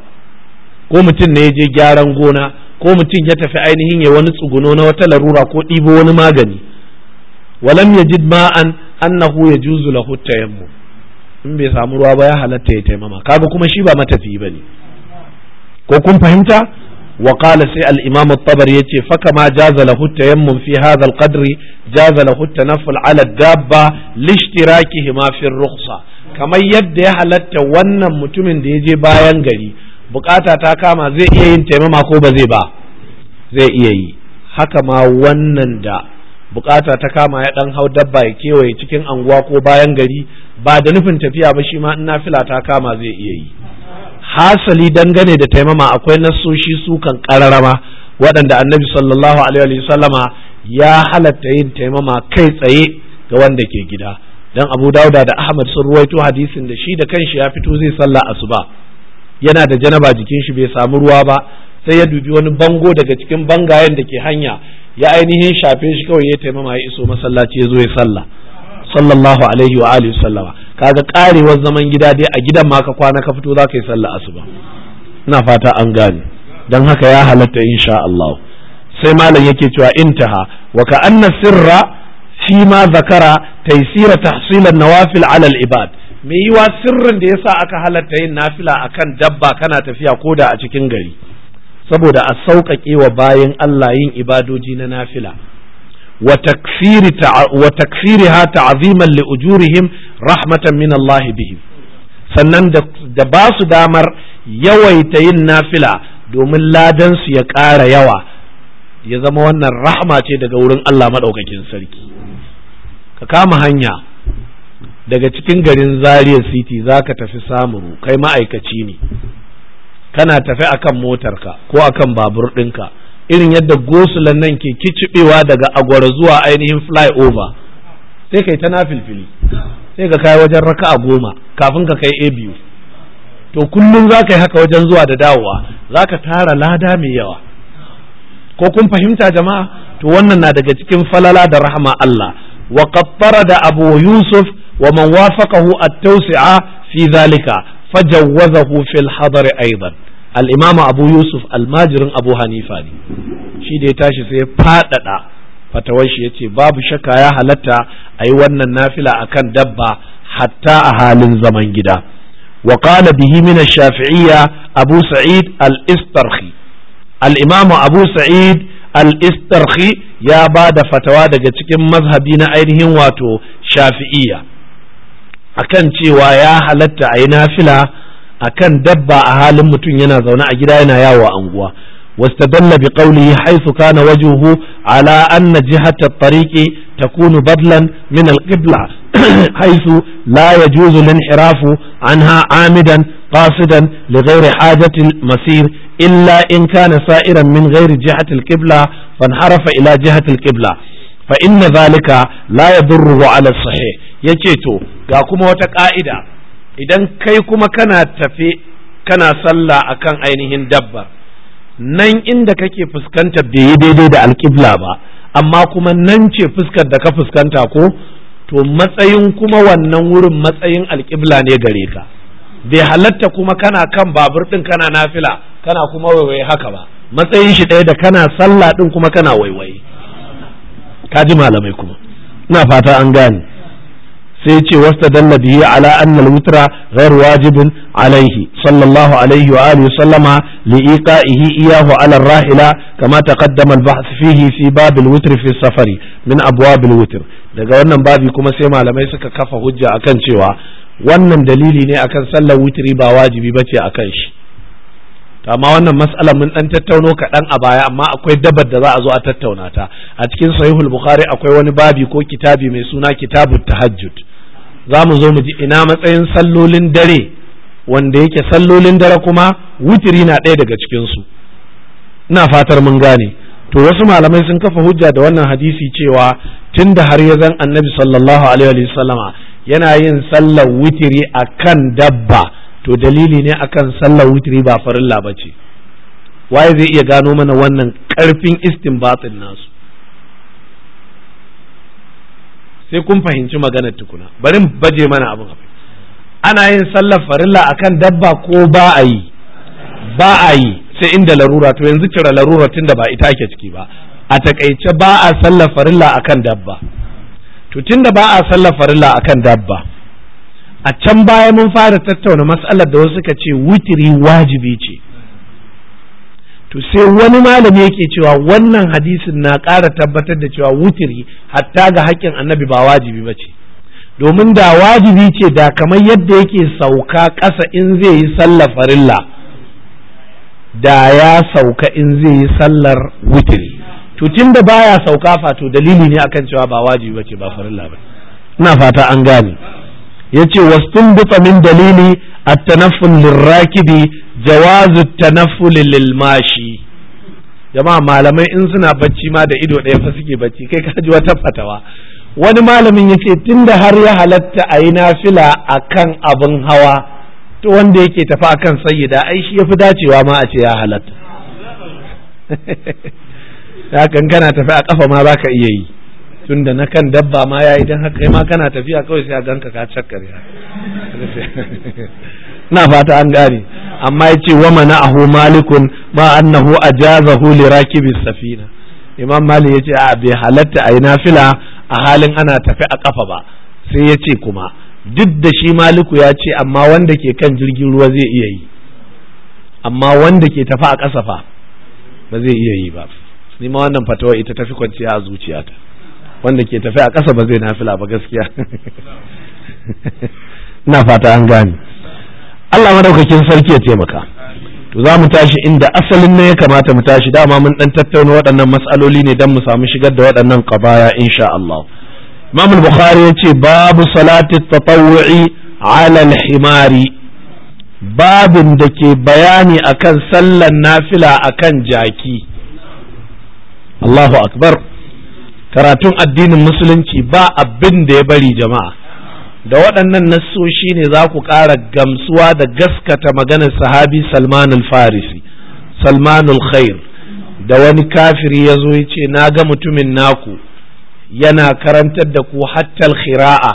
ko mutum ne ya je gyaran gona ko mutum ya tafi ainihin ya wani tsuguno na wata larura ko ɗibo wani magani walam yajid ma'an annahu yajuzu lahu tayammum in bai samu ruwa ba ya halatta ya taimama kaga kuma shi ba matafi bane ko kun fahimta wa qala sai al-imam at-tabari yace fa kama jaza lahu tayammum fi hadha al-qadri jaza lahu tanafful ala dabba lishtirakihima fi ar-rukhsa kamar yadda ya halatta wannan mutumin da ya je bayan gari bukata ta kama zai iya yin taimama ko ba zai ba zai iya yi haka ma wannan da bukata ta kama ya dan hau dabba ya kewaye cikin anguwa ko bayan gari ba da nufin tafiya ba shi ma in nafila ta kama zai iya yi hasali dangane da taimama akwai nasoshi su kan kararama waɗanda annabi sallallahu alaihi sallama ya halatta yin taimama kai tsaye ga wanda ke gida dan abu dauda da ahmad sun ruwaito hadisin da shi da kanshi ya fito zai sallah asuba yana da janaba jikin shi bai samu ruwa ba sai ya dubi wani bango daga cikin bangayen da ke hanya ya ainihin shafe shi kawai ya taimama ya iso masallaci ya zo ya sallah sallallahu alaihi wa alihi sallama kaga karewar zaman gida dai a gidan ma ka kwana ka fito za ka yi sallah asuba ina fata an gane don haka ya halatta insha Allah sai malam yake cewa intaha wa ka anna sirra fi ma zakara taysira tahsilan nawafil ala al ibad me yiwa sirrin da yasa aka halatta yin nafila akan dabba kana tafiya koda a cikin gari saboda a sauƙaƙe wa bayan Allah yin ibadoji na nafila wa ha ta'aziman li ujurihim rahmatan min Allah bihim sannan da ba su damar yawaita yin nafila domin ladan su ya ƙara yawa ya zama wannan rahma ce daga wurin Allah maɗaukakin sarki ka kama hanya daga cikin garin Zaria City za ka tafi samuru kai ma'aikaci ne kana tafi akan motarka ko akan babur ɗinka irin yadda gosulan nan ke kicibewa daga agwara zuwa ainihin over sai kai ta nafilfili sai ka kai wajen raka a goma kafin ka kai a biyu to kullum za ka yi haka wajen zuwa da dawowa za ka tara lada mai yawa ko kun fahimta jama'a to wannan na daga cikin falala da rahama Allah wa qattara da Abu Yusuf wa man wafaqahu at-tawsi'a fi dhalika fajawwazahu fil hadar aidan al abu yusuf almajirin abu hanifa ne shi da ya tashi sai ya faɗaɗa fatawar shi yace babu shakka ya halatta a yi wannan nafila akan dabba hatta a halin zaman gida wa qala bihi min shafiiyya abu sa'id al-istarhi al-imamu abu sa'id al-istarhi ya ba da fatawa daga cikin mazhabi na ainihin wato shafi'iyya akan cewa ya halatta a yi nafila akan dabba a halin mutum yana zaune a gida yana yawo a anguwa واستدل بقوله حيث كان وجهه على أن جهة الطريق تكون بدلا من القبلة حيث لا يجوز الانحراف عنها عامدا قاصدا لغير حاجة المسير إلا إن كان سائرا من غير جهة القبلة فانحرف إلى جهة القبلة فإن ذلك لا يضره على الصحيح يجيتو قاكم وتقائدا idan kai kuma kana tafe kana sallah akan ainihin dabba nan inda kake fuskantar bai yi daidai da alkibla ba amma kuma nan ce fuskar da ka fuskanta ko to matsayin kuma wannan wurin matsayin alkibla ne gare ka bai halatta kuma kana kan babur ɗin kana nafila kana kuma waiwai haka ba matsayin shi ɗaya da kana sallah ɗin kuma kana waiwaye ka ji malamai kuma ina fata an gane sai ce wasta dalla bihi ala anna al-witra wajibin alaihi sallallahu alayhi wa alihi sallama li iqa'ihi iyahu ala rahila kama taqaddama al-bahth fihi fi bab al-witr fi safari min abwab al-witr daga wannan babi kuma sai malamai suka kafa hujja akan cewa wannan dalili ne akan sallar witri ba wajibi bace akan shi to amma wannan mas'alar mun dan tattauno kaɗan a baya amma akwai dabar da za a zo a tattauna ta a cikin sahihul bukhari akwai wani babi ko kitabi mai suna kitabut tahajjud za mu zo mu ji ina matsayin sallolin dare wanda yake sallolin dare kuma wutiri na ɗaya daga cikin su ina fatar mun gane to wasu malamai sun kafa hujja da wannan hadisi cewa tun da har ya zan annabi sallallahu alaihi wasallama yana yin sallar wutiri akan dabba to dalili ne akan sallar witri ba farilla ba ce waye zai iya gano mana wannan karfin istinbatin nasu sai kun fahimci maganar tukuna bari mu baje mana abin ana yin sallar farilla akan dabba ko ba a yi ba a yi sai inda larura to yanzu cire larura tun ba ita ake ciki ba a takaice ba a sallar farilla akan dabba to tun da ba a sallar farilla akan dabba a can baya mun fara tattauna matsalar da wasu suka ce wutiri wajibi ce to sai wani malami yake cewa wannan hadisin na ƙara tabbatar da cewa wutiri hatta ga haƙƙin annabi ba wajibi ba ce domin da wajibi ce da kamar yadda yake sauka ƙasa in zai yi sallar farilla da ya sauka in zai yi sallar wutiri to tun da baya sauka fato dalili ne akan cewa ba wajibi ba ce ba farilla ba ina fata an gane yace bita min dalili at-tanafful lirakibi jawazu at-tanafful lilmashi jama'a malamai in suna bacci ma da ido ɗaya fa suke bacci kai kaji ji wata fatawa wani malamin yace tunda har ya halatta a yi nafila akan abin hawa to wanda yake tafi akan sayyida ai shi yafi dacewa ma a ce ya halatta da kankana tafi a kafa ma baka iya yi tunda na kan dabba ma ya idan haka kai ma kana tafiya kawai sai a ganka ka ya na fata an gane amma yace wa ahu malikun ma annahu ajazahu li rakibis safina imam malik ce a bai halatta ayi nafila a halin ana tafi a kafa ba sai yace kuma duk da shi maliku ya ce amma wanda ke kan jirgin ruwa zai iya yi amma wanda ke tafi a ƙasa fa ba zai iya yi ba ni ma wannan fatawa ita tafi kwanciya a zuciyata wanda ke tafiya a ƙasa ba zai nafila ba gaskiya na fata an gane Allah madaukakin sarki ya taimaka to za mu tashi inda asalin ne ya kamata mu tashi dama mun dan tattauna waɗannan matsaloli ne dan mu samu shigar da waɗannan qabaya insha Allah Imam al-Bukhari ce babu salati tatawwu'i ala al-himari babin da ke bayani akan sallan nafila akan jaki Allahu akbar karatun addinin musulunci ba abin da ya bari jama'a da waɗannan nassoshi ne za ku ƙara gamsuwa da gaskata maganar sahabi salman al-farisi salman al-khair da wani kafiri ya zo ya ce na ga mutumin naku yana karantar da ku hattal khira'a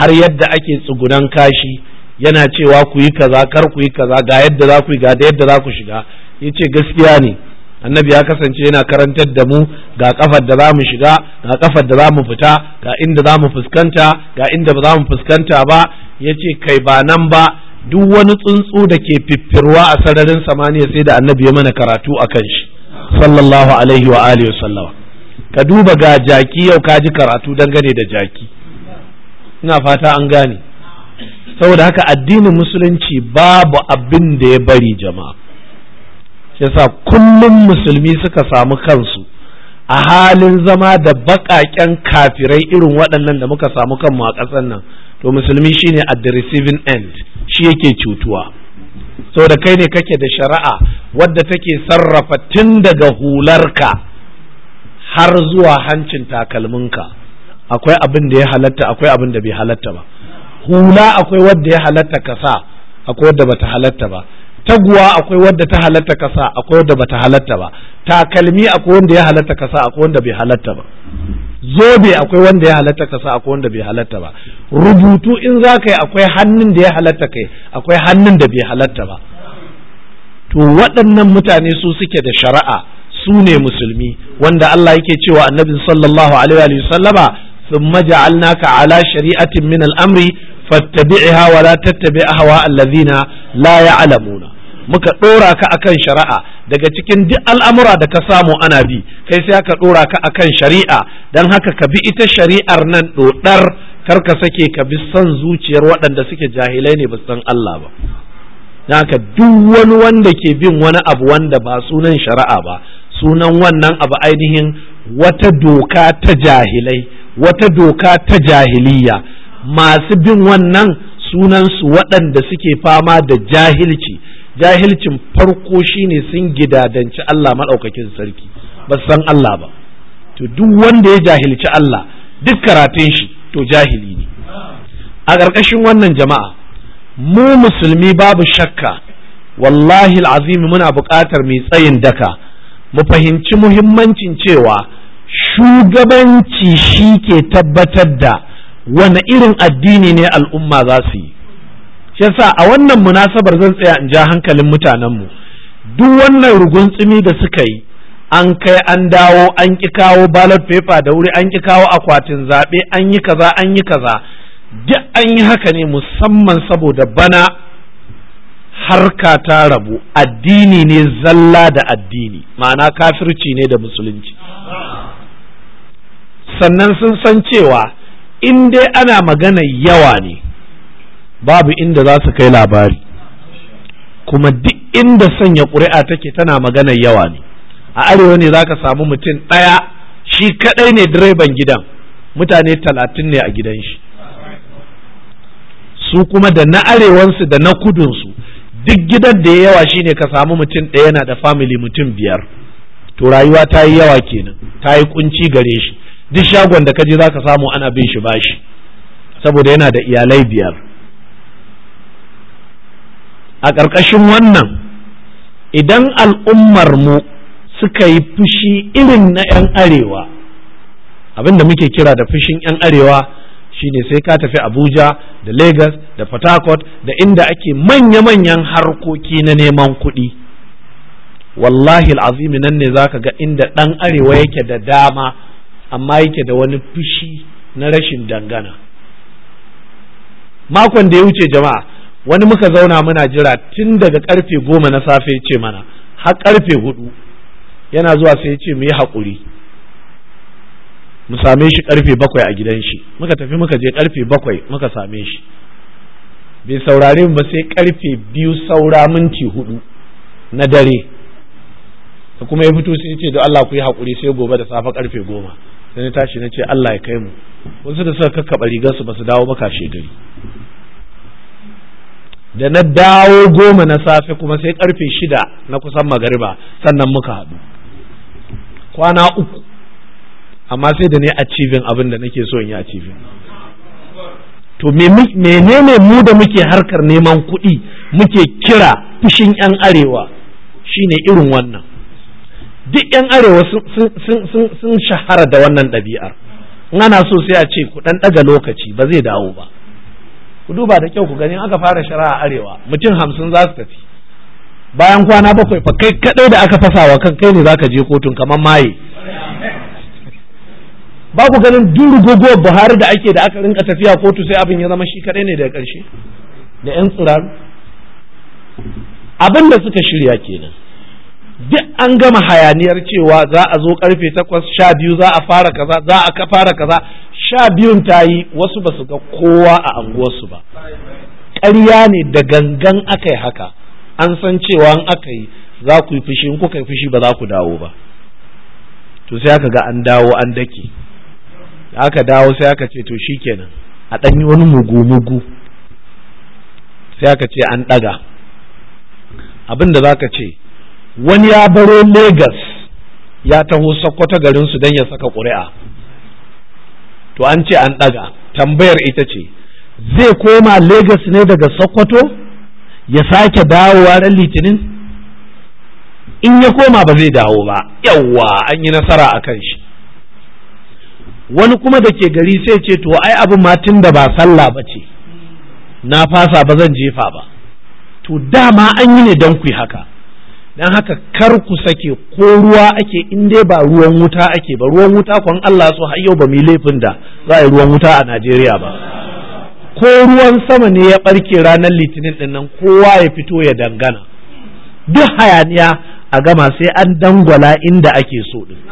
har yadda ake tsugunan kashi yana cewa ku yi kaza kar ku yi kaza ga yadda za ku yi ga da yadda za ku shiga yace gaskiya ne annabi ya kasance yana karantar da mu ga kafar da zamu shiga ga kafar da zamu fita ga inda zamu fuskanta ga inda ba mu fuskanta ba ya ce kai ba nan ba duk wani tsuntsu da ke fiffirwa a sararin samaniya sai da annabi ya mana karatu a kan shi sallallahu alaihi wa alihi wasallama ka duba ga jaki yau ka ji karatu dangane da jaki ina fata an gane saboda haka addinin musulunci babu abin da ya bari jama'a yasa kullum musulmi suka samu kansu a halin zama da baƙaƙen kafirai irin waɗannan da muka samu kanmu a ƙasar nan to musulmi shine at the receiving end shi yake cutuwa saboda kai ne kake da shari'a wadda take sarrafa tun daga hularka har zuwa hancin takalminka akwai abin da ya halatta akwai abin da bai halatta ba hula akwai wadda ya halatta ka sa akwai wadda bata halatta ba taguwa akwai wadda ta halatta kasa akwai wadda bata halatta ba takalmi akwai wanda ya halatta kasa akwai wanda bai halatta ba zobe akwai wanda ya halatta kasa akwai wanda bai halatta ba rubutu in za ka yi akwai hannun da ya halatta kai akwai hannun da bai halatta ba to waɗannan mutane su suke da shari'a su ne musulmi wanda Allah yake cewa annabi sallallahu alaihi wa sallama thumma ja'alnaka ala shari'atin min al-amri fattabi'ha wa la tattabi' ahwa alladhina la ya'lamuna muka ɗora ka akan shari'a daga cikin duk al'amura da ka samu ana bi kai sai aka ɗora ka akan shari'a don haka ka bi ita shari'ar nan ɗoɗar kar ka sake ka bi son zuciyar waɗanda suke jahilai ne ba san Allah ba don haka duk wani wanda ke bin wani abu wanda ba sunan shari'a ba sunan wannan abu ainihin wata doka ta jahilai wata doka ta jahiliya masu bin wannan sunansu waɗanda suke fama da jahilci jahilcin farko shine sun gidadanci Allah maɗaukakin sarki ba san Allah ba to duk wanda ya jahilci Allah duk karatun shi to jahili ne a ƙarƙashin wannan jama'a mu musulmi babu shakka wallahi azimi muna buƙatar mai tsayin daka mu fahimci muhimmancin cewa shugabanci shi ke tabbatar da wani irin addini ne al'umma za su yi shi yasa a wannan munasabar zan tsaya in ja hankalin mutanenmu duk wannan tsumi da suka yi an kai an dawo an ƙi kawo ballot paper da wuri an ƙi kawo akwatin zaɓe an yi kaza an yi kaza duk an yi haka ne musamman saboda bana harka ta rabu addini ne zalla da addini ma'ana kafirci ne da musulunci sannan sun san cewa in dai ana magana yawa ne babu inda za su kai labari kuma duk inda sanya ƙuri'a take tana magana yawa ne a arewa ne za ka samu mutum ɗaya shi kaɗai ne direban gidan mutane talatin ne a gidan shi su kuma da na arewansu da na kudunsu duk gidan da ya yawa shi ne ka samu mutum ɗaya yana da famili mutum biyar to rayuwa ta yi yawa kenan ta yi kunci gare shi duk shagon da ka je za ka samu ana bin shi bashi saboda yana da iyalai biyar a ƙarƙashin wannan idan al'ummar mu suka yi fushi irin na 'yan arewa abin da muke kira da fushin 'yan arewa shine sai ka tafi abuja da lagos da port harcourt da inda ake manya-manyan harkoki na neman kuɗi wallahi azimi nan ne zaka ga inda ɗan arewa yake da dama amma yake da wani fushi na rashin dangana makon da ya wuce jama'a wani muka zauna muna jira tun daga karfe goma na safe ya ce mana har karfe hudu yana zuwa sai ya ce mu yi haƙuri mu same shi karfe bakwai a gidan shi muka tafi muka je karfe bakwai muka same shi bai saurare mu ba sai karfe biyu saura minti hudu na dare Ka kuma ya fito sai ya ce da Allah ku yi haƙuri sai gobe da safe karfe goma sai na tashi na ce Allah ya kai mu wasu da suka kakkaɓa rigar su ba su dawo ba kashe gari da na dawo goma na safe kuma sai karfe shida na kusan magariba sannan muka haɗu kwana uku amma sai da ne cibin abin da nake so in yi a cibin. to menene mu da muke harkar neman kuɗi muke kira fushin 'yan arewa shine irin wannan duk 'yan arewa sun shahara da wannan ɗabi'ar ana so sai a ce ku ɗan ɗaga lokaci ba zai dawo ba ku duba da kyau ku gani aka fara shari'a arewa mutum hamsin za su tafi bayan kwana bakwai fa kai kadai da aka fasawa kan kai ne zaka je kotun kamar maye ba ku ganin durugogo buhari da ake da aka rinka tafiya kotu sai abin ya zama shi kadai ne daga karshe da yan tsiraru abin da suka shirya kenan duk an gama hayaniyar cewa za a zo karfe takwas sha biyu za a fara kaza za a fara kaza sha biyun ta yi wasu ba su ga kowa a anguwarsu ba ƙarya ne da gangan aka yi haka an san cewa an aka yi za ku yi fushi in kuka yi fushi ba za ku dawo ba to sai aka ga an dawo an dake aka dawo sai aka ce to shikenan a ɗan yi wani mugu-mugu sai aka ce an ɗaga abin da za ka ce wani ya baro Legas ya taho Sokoto garin su don ya saka ƙuri'a to an ce an ɗaga tambayar ita ce zai koma Legas ne daga Sokoto ya sake dawowa ran litinin in ya koma ba zai dawo ba yawwa an yi nasara a kan shi wani kuma da ke gari sai ce to ai abin matin da ba sallah ba ce na fasa ba zan jefa ba to dama an yi ne don ku haka dan haka kar ku sake ko ruwa ake in dai ba ruwan wuta ake ba ruwan wuta kwan Allah so har yau ba mu laifin da za a ruwan wuta a Najeriya ba ko ruwan sama ne ya barke ranar litinin din nan kowa ya fito ya dangana duk hayaniya a gama sai an dangwala inda ake so din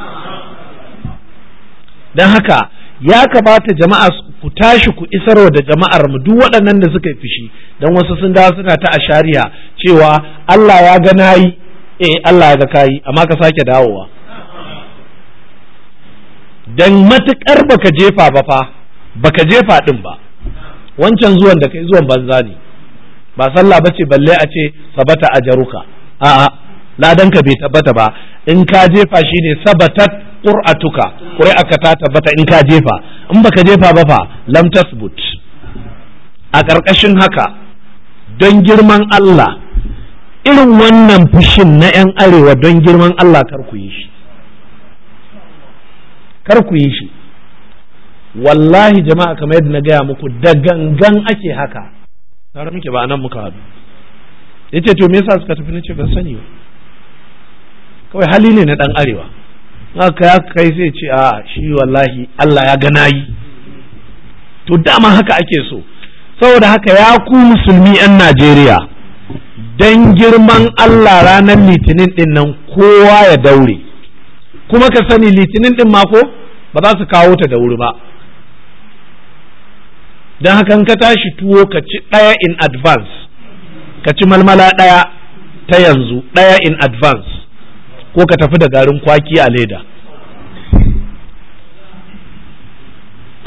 dan haka ya kamata jama'a ku tashi ku isarwa da jama'ar mu duk waɗannan da suka yi fishi dan wasu sun da suna ta ashariya cewa Allah ya ga nayi eh Allah ya ga kayi amma ka sake dawowa dan matukar baka jefa ba fa baka jefa din ba wancan zuwan da kai zuwan banza ne ba sallah bace balle a ce sabata ajaruka a'a ladanka bai tabbata ba in ka jefa shine sabatat qur'atuka qur'aka ta tabbata in ka jefa in baka jefa ba fa lam tasbut a ƙarƙashin haka don girman Allah irin wannan fushin na 'yan arewa don girman Allah kar ku yi shi kar ku yi shi wallahi jama'a kamar yadda na gaya muku da gangan ake haka tare muke ba nan muka haɗu yace to me yasa suka tafi nace ban sani ba kawai hali ne na dan arewa haka ya kai sai ce a shi wallahi Allah ya gana yi to dama haka ake so saboda haka ya ku musulmi 'yan Najeriya don girman Allah ranar litinin ɗin nan kowa ya daure kuma ka sani litinin ɗin mako ba za su kawo ta daure ba don hakan ka tashi tuwo ka ci ɗaya in advance ka ci malmala ɗaya ta yanzu ɗaya in advance ko ka tafi da garin kwaki a leda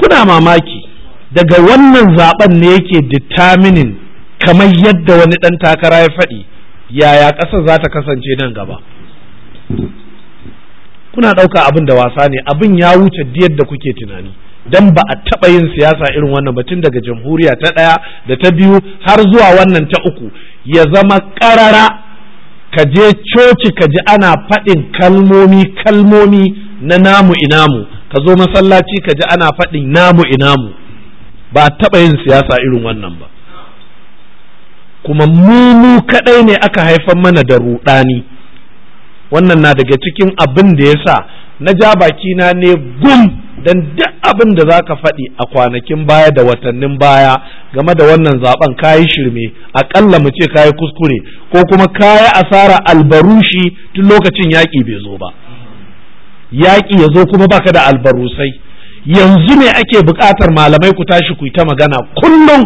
kuna mamaki daga wannan zaben ne yake determining kamar yadda wani ɗan takara ya faɗi yaya ƙasar za ta kasance nan gaba kuna ɗauka abin da wasa ne abin ya wuce yadda kuke tunani don ba a taɓa yin siyasa irin wannan ba tun daga jamhuriya ta ɗaya da ta biyu har zuwa wannan ta uku ya zama ƙarara ka je coci ka ji ana faɗin kalmomi kalmomi na namu inamu ka zo masallaci ka ji ana faɗin namu inamu ba a taɓa yin siyasa irin wannan ba kuma mu kadai ne aka haifar mana da ruɗani wannan na daga cikin abin da ya sa na ja bakina ne gum don duk abin da za ka faɗi a kwanakin baya da watannin baya game da wannan zaben kayi shirme aƙalla mu ce kayi kuskure ko kuma yi asara albarushi tun lokacin yaƙi bai zo ba yaƙi ya zo kuma baka da albarusai yanzu ne ake buƙatar malamai ku tashi ku yi ta magana kullum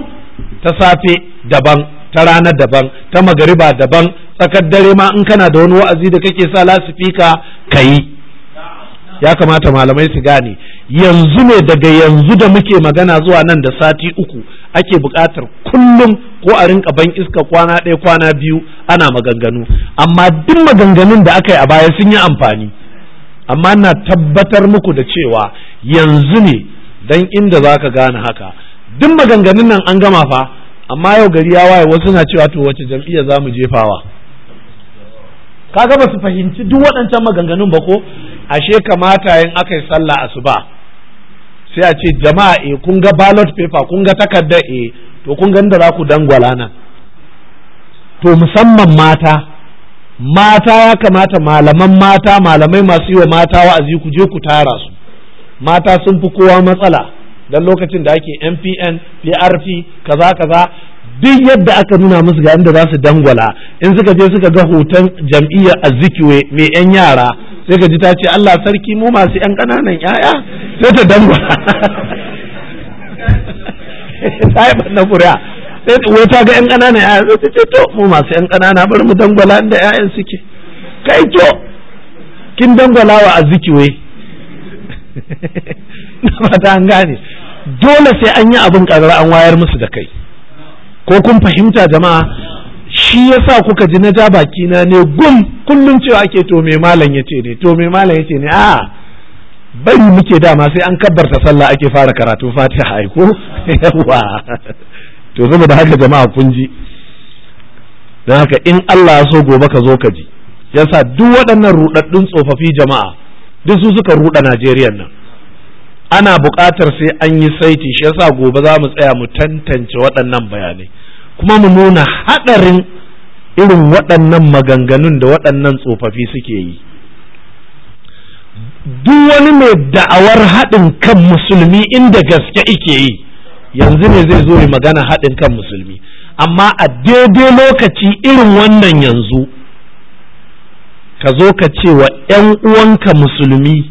ta safe daban ta rana daban ta magariba daban tsakar dare ma in kana da wani wa'azi da kake sa lasifika ka yi ya kamata malamai su gane yanzu ne daga yanzu da muke magana zuwa nan da sati uku ake buƙatar kullum ko a rinka ban iska kwana ɗaya kwana biyu ana maganganu amma duk maganganun da aka yi a baya sun yi amfani amma na tabbatar muku da cewa yanzu ne dan inda za ka gane haka duk maganganun nan an gama fa amma yau gari ya waye wasu na cewa to wace jam'iyya za mu jefawa Ka ba su fahimci duk waɗancan maganganun ba ko ashe kamata yin aka yi sallah asuba sai a ce jama'a e kun ga ballot paper kun ga takarda e eh, to kun ga inda za ku dangwala nan to musamman mata mata ya kamata malaman mata malamai masu yi wa mata wa'azi ku je ku tara su mata sun fi kowa matsala dan lokacin da ake MPN PRP kaza kaza duk yadda aka nuna musu ga inda za su dangwala in suka je suka ga hoton jam'iyyar azikiwe mai yan yara sai ka ji ta ce Allah sarki mu masu yan ƙananan yaya sai ta dangwala ta yi ɓanna ƙuri'a sai wai ta ga yan ƙananan yaya sai ta ce to mu masu yan ƙanana bari mu dangwala inda yayan suke kai to kin dangwala wa azikiwe fata an gane dole sai an yi abin karar an wayar musu da kai ko kun fahimta jama'a shi yasa kuka ji na ja baki na ne gum kullum cewa ake to me malam yace ne to me malam yace ne a bari muke dama sai an kabbarta sallah ake fara karatu fatiha ai ko yawa to saboda haka jama'a kun ji don haka in Allah ya so gobe ka zo ka ji yasa duk waɗannan rudaddun tsofaffi jama'a duk su suka ruɗa Najeriya nan ana buƙatar sai an yi saiti shi yasa gobe za mu tsaya mu tantance waɗannan bayanai kuma mu nuna haɗarin irin waɗannan maganganun da waɗannan tsofaffi suke yi duk wani mai da'awar haɗin kan musulmi inda gaske ike yi yanzu ne zai zo magana haɗin kan musulmi amma a daidai lokaci irin wannan yanzu ka zo ka ce wa ‘yan uwanka musulmi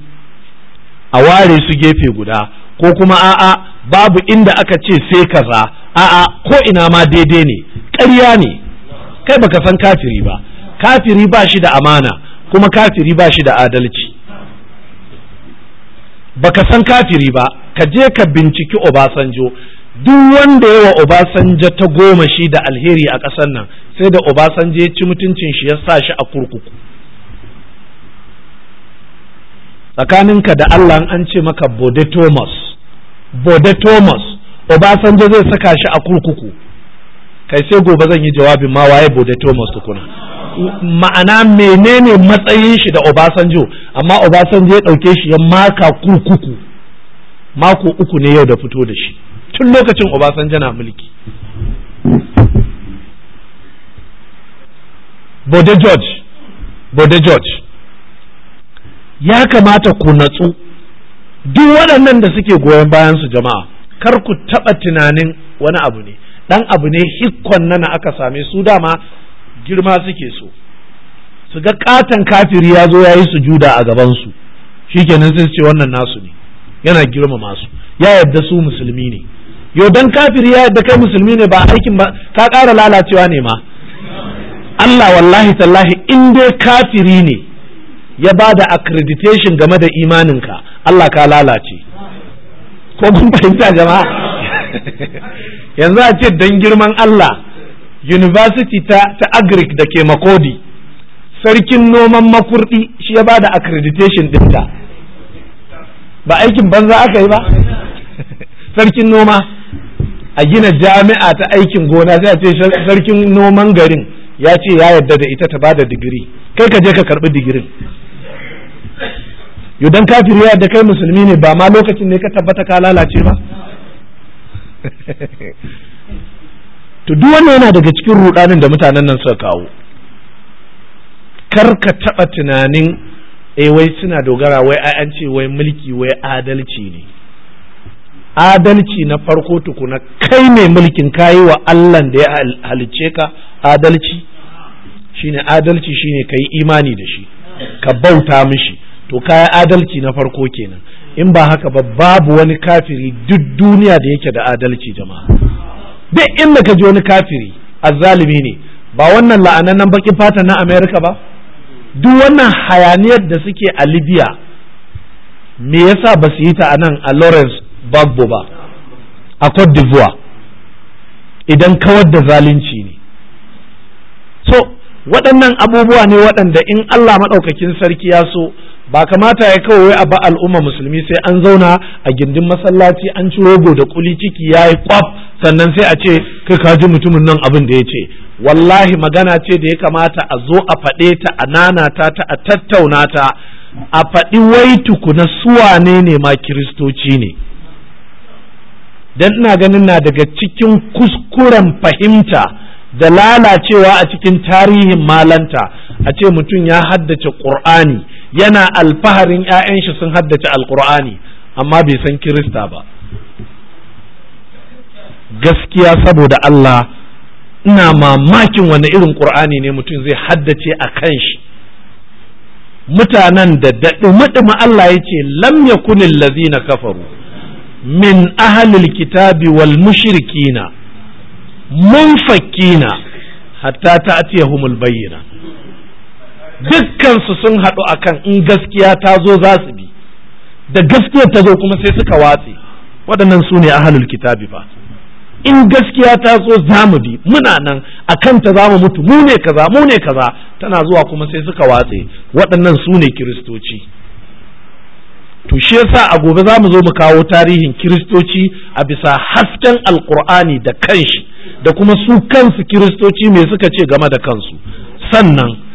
a ware su gefe guda ko kuma a'a babu inda aka ce sai kaza a'a ko ina ma daidai ne ƙarya ne kai baka san kafiri ba kafiri ba shi da amana kuma kafiri ba shi da adalci baka san kafiri ba ka je ka binciki obasanjo duk wanda yawa Obasanjo ta goma shi da alheri a ƙasar nan sai da Obasanjo ya ci mutuncin shi ya sa shi a kurkuku tsakaninka da Allah an ce maka Bode Thomas Bode Thomas Obasanjo zai saka shi a kurkuku kai sai gobe zan yi jawabin ma waye Bode Thomas tukuna ma'ana menene matsayin shi da Obasanjo amma Obasanjo ya dauke shi ya maka kurkuku mako uku ne yau da fito da shi tun lokacin Obasanjo na mulki Bode George Bode George ya kamata ku natsu duk waɗannan da suke goyon bayan su jama'a kar ku taɓa tunanin wani abu ne ɗan abu ne hikkon nan aka same su dama girma suke so su ga katon kafiri ya zo ya yi sujuda a gabansu shikenan sai su ce wannan nasu ne yana girmama su ya yadda su musulmi ne yau dan kafiri ya yadda kai musulmi ne ba aikin ba ka ƙara lalacewa ne ma Allah wallahi tallahi in dai kafiri ne ya ba da accreditation game da imaninka Allah ka lalace ko kun fahimta jama'a yanzu a ce don girman Allah university ta ta agric da ke makodi sarkin noman makurdi shi ya ba da accreditation dinta ba aikin banza aka yi ba sarkin noma a gina jami'a ta aikin gona sai a ce sarkin noman garin ya ce ya yarda da ita ta ba da digiri kai ka je ka karbi digirin yudan kafiri ya da kai musulmi ne ba ma lokacin ne ka tabbata ka lalace ba to duk wannan yana daga cikin rudanin da mutanen nan suka kawo kar ka taba tunanin eh wai suna dogara wai ai an ce wai mulki wai adalci ne adalci na farko tukuna kai mai mulkin kayi wa Allah da ya halice ka adalci shine adalci shine kai imani da shi ka bauta mishi to kaya adalci na farko kenan in ba haka ba babu wani kafiri duk duniya da yake da adalci jama'a duk inda ka ji wani kafiri azzalimi ne ba wannan la'anannen bakin fata na america ba duk wannan hayaniyar da suke a libya me yasa ba su yi ta a nan a lawrence bagbo ba a cote d'ivoire idan kawar da zalunci ne so waɗannan abubuwa ne waɗanda in allah maɗaukakin sarki ya so ba kamata ya kawai a ba al'umma musulmi sai an zauna a gindin masallaci an ci rogo da kuli ciki ya yi kwaf sannan sai a ce kai ka ji mutumin nan abin da ya ce wallahi magana ce da ya kamata a zo a faɗe ta a nanata ta a tattauna ta a faɗi wai tukuna suwane ne ma kiristoci ne dan ina ganin na daga cikin kuskuren fahimta da lalacewa a cikin tarihin malanta a ce mutum ya haddace ƙur'ani yana alfaharin 'ya'yan shi sun haddace alkur'ani amma bai san kirista ba gaskiya saboda Allah ina mamakin wani irin ƙur'ani ne mutum zai haddace a kan shi mutanen da daɗi Allah ya ce lam yakunil na kafaru min ahalil kitabi wal mushrikina munfakina hatta ta atiyahumul bayyina dukkansu sun haɗu a kan in gaskiya ta zo za su bi da gaskiyar ta zo kuma sai suka watse waɗannan su ne ahalul kitabi ba in gaskiya ta zo za mu bi muna nan a kan ta za mu mutu mu ne kaza mu ne kaza tana zuwa kuma sai suka watse waɗannan su ne kiristoci to shi yasa a gobe za mu zo mu kawo tarihin kiristoci a bisa hasken alkur'ani da kanshi da kuma su kansu kiristoci me suka ce game da kansu sannan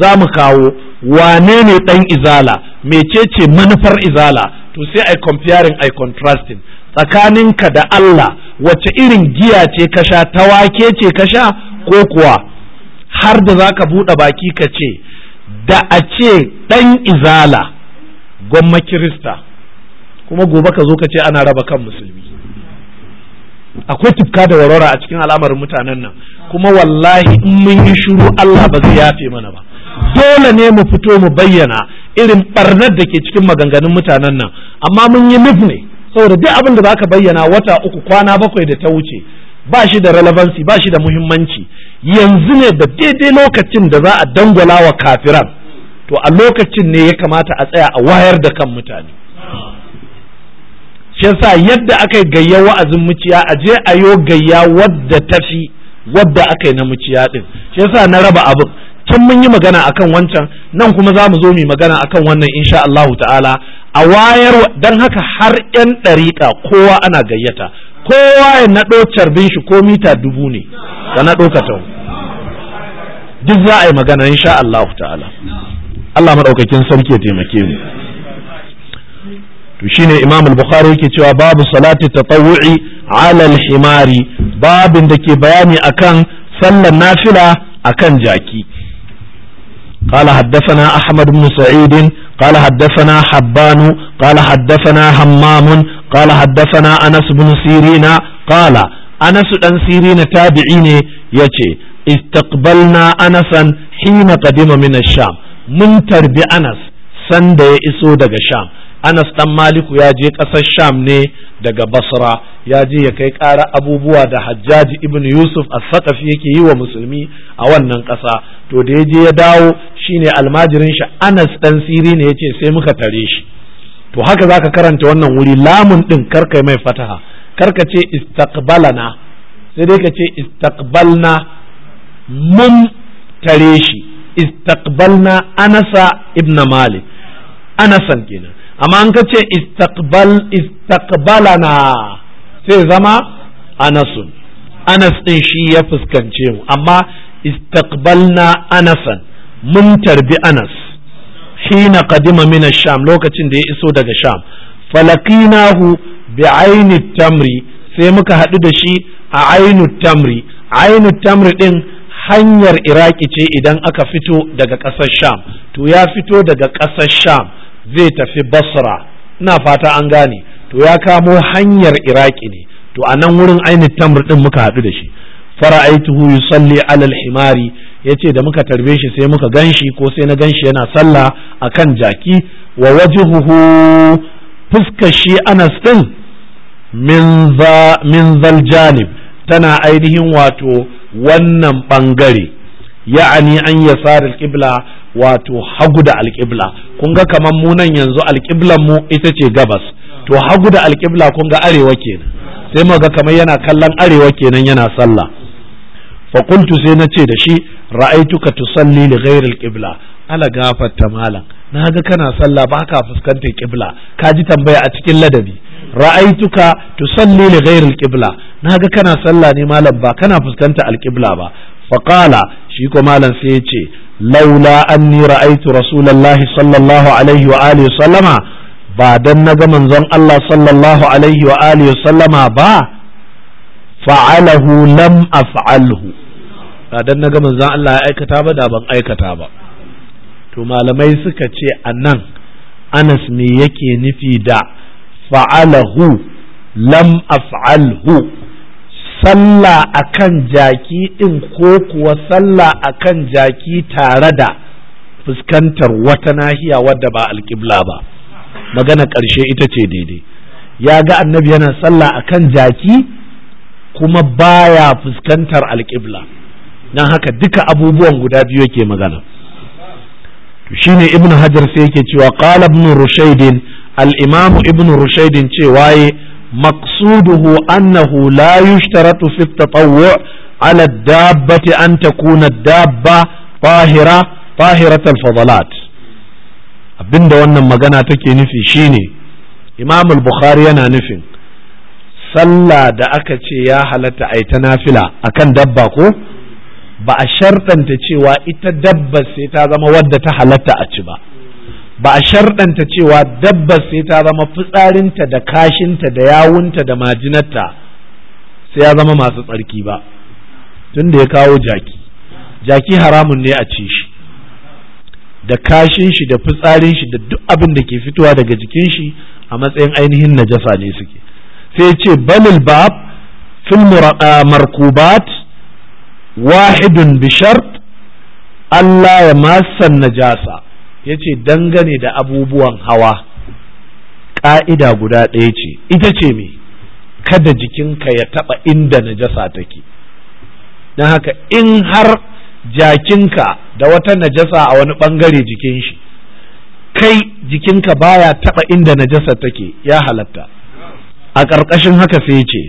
za mu kawo wane ne ɗan izala mecece manufar izala to sai ai comparing ai contrasting tsakaninka da Allah wace irin giya ce ka sha ta wake ce ka sha ko kuwa har da za ka buɗe baki ka ce da a ce ɗan izala gwamma kirista kuma gobe ka zo ka ce ana raba kan musulmi akwai tufka da warwara a cikin al'amarin mutanen nan kuma wallahi in mun yi shiru Allah ba zai yafe mana ba dole ne mu fito mu bayyana irin barnar da ke cikin maganganun mutanen nan amma mun yi mif ne saboda duk abin da za ka bayyana wata uku kwana bakwai da ta wuce ba shi da relevancy ba shi da muhimmanci yanzu ne da daidai lokacin da za a dangwala wa kafiran to a lokacin ne ya kamata a tsaya a wayar da kan mutane shi yasa yadda aka yi gayya wa'azin muciya a je a yo gayya wadda ta fi wadda aka yi na muciya din shi yasa na raba abin can mun yi magana akan wancan nan kuma za mu zo mu magana akan wannan insha Allahu ta'ala a wayar dan haka har yan ɗariƙa kowa ana gayyata kowa ya naɗo carbin shi ko mita dubu ne da naɗo ka tau duk za a yi magana insha Allahu ta'ala Allah maɗaukakin sarki ya taimake mu to shine Imam al-Bukhari yake cewa babu salati tatawwu'i ala al-himari babin da ke bayani akan sallar nafila akan jaki قال حدثنا أحمد بن سعيد قال حدثنا حبان قال حدثنا همام قال حدثنا أنس بن سيرين قال أنس بن سيرين تابعين يتي استقبلنا أنسا حين قدم من الشام من تربي أنس sanda ya iso daga sham anas ɗan maliku ya je ƙasar sham ne daga basra ya je ya kai ƙara abubuwa da hajjaji ibn yusuf as-saqafi yake yi wa musulmi a wannan ƙasa to da ya je ya dawo shine almajirin shi anas ɗan siri ne yace sai muka tare shi to haka zaka karanta wannan wuri lamun din karkai mai fataha karka ce istaqbalana sai dai ka ce istaqbalna mun tare shi istaqbalna anasa ibn malik anasan kenan amma an kace istaqbal istaqbalana sai zama anasun anas din shi ya fuskance mu amma istaqbalna anasan mun tarbi anas hina qadima min sham lokacin da ya iso daga sham falaqinahu bi'aini tamri sai muka haɗu da shi a ainu tamri ainu tamri din hanyar iraki ce idan aka fito daga ƙasar sham to ya fito daga ƙasar sham zai tafi basra ina fata an gane to ya kamo hanyar iraki ne to a nan wurin ainihin tamr din muka haɗu da shi fara'aituhu yusalli alal himari yace da muka tarbe shi sai muka ganshi ko sai na ganshi yana sallah akan jaki wa wajhuhu fuskar shi Anas din min tana ainihin wato wannan ɓangare ya'ani an yasar al-qibla wato hagu da alƙibla kun ga kamar mu nan yanzu alƙiblan mu ita ce gabas to hagu da alƙibla kun ga arewa kenan sai mu ga kamar yana kallon arewa kenan yana sallah fa qultu sai ce da shi ra'aituka tusalli li ghairi alqibla ala gafarta malam na ga kana sallah ba ka fuskantar kibla ka ji tambaya a cikin ladabi ra'aituka tusalli li ghairi alqibla na ga kana sallah ne malam ba kana fuskantar alqibla ba fa qala shi ko malam sai ya ce laula aitu ra'aytu rasulullahi sallallahu alaihi wa alihi sallama ba dan naga manzon Allah sallallahu alaihi wa alihi sallama ba fa'alahu lam af'alhu ba dan naga manzon Allah ya aikata ba da ban aikata ba to malamai suka ce anan Anas me yake nufi da fa'alahu lam af'alhu sallah akan jaki ɗin ko kuwa sallah akan jaki tare da fuskantar wata nahiya wadda ba alƙibla ba magana ƙarshe ita ce daidai ya ga annabi yana sallah akan jaki kuma baya fuskantar alƙibla don haka duka abubuwan guda biyu yake magana shine ibn hajar sai yake cewa qala ibn rushaydin al-imam ibn rushaydin waye. مقصوده أنه لا يشترط في التطوع على الدابة أن تكون الدابة طاهرة طاهرة الفضلات abinda wannan magana take nufi shine imam al-bukhari yana nufin sallah da aka ce ya halatta ai ta nafila akan dabba ko ba a shartanta cewa ita dabba sai ta zama wadda ta halatta a ci ba ba a shardanta cewa dabbar sai ta zama fitsarinta da kashinta da yawunta da majinarta sai ya zama masu tsarki ba tun da ya kawo jaki jaki haramun ne a ci shi da kashin shi da fitsarin shi da duk abin da ke fitowa daga jikin shi a matsayin ainihin najasa ne suke sai ce balil bab fil markubat wahidun bishart Allah ya masan najasa Ya ce dangane da abubuwan hawa ƙa'ida guda ɗaya ce ita ce me kada jikinka ya taɓa inda najasa take don haka in har jakinka da wata najasa a wani ɓangare jikin shi kai jikinka baya taɓa inda najasa take ya halatta a ƙarƙashin haka sai ce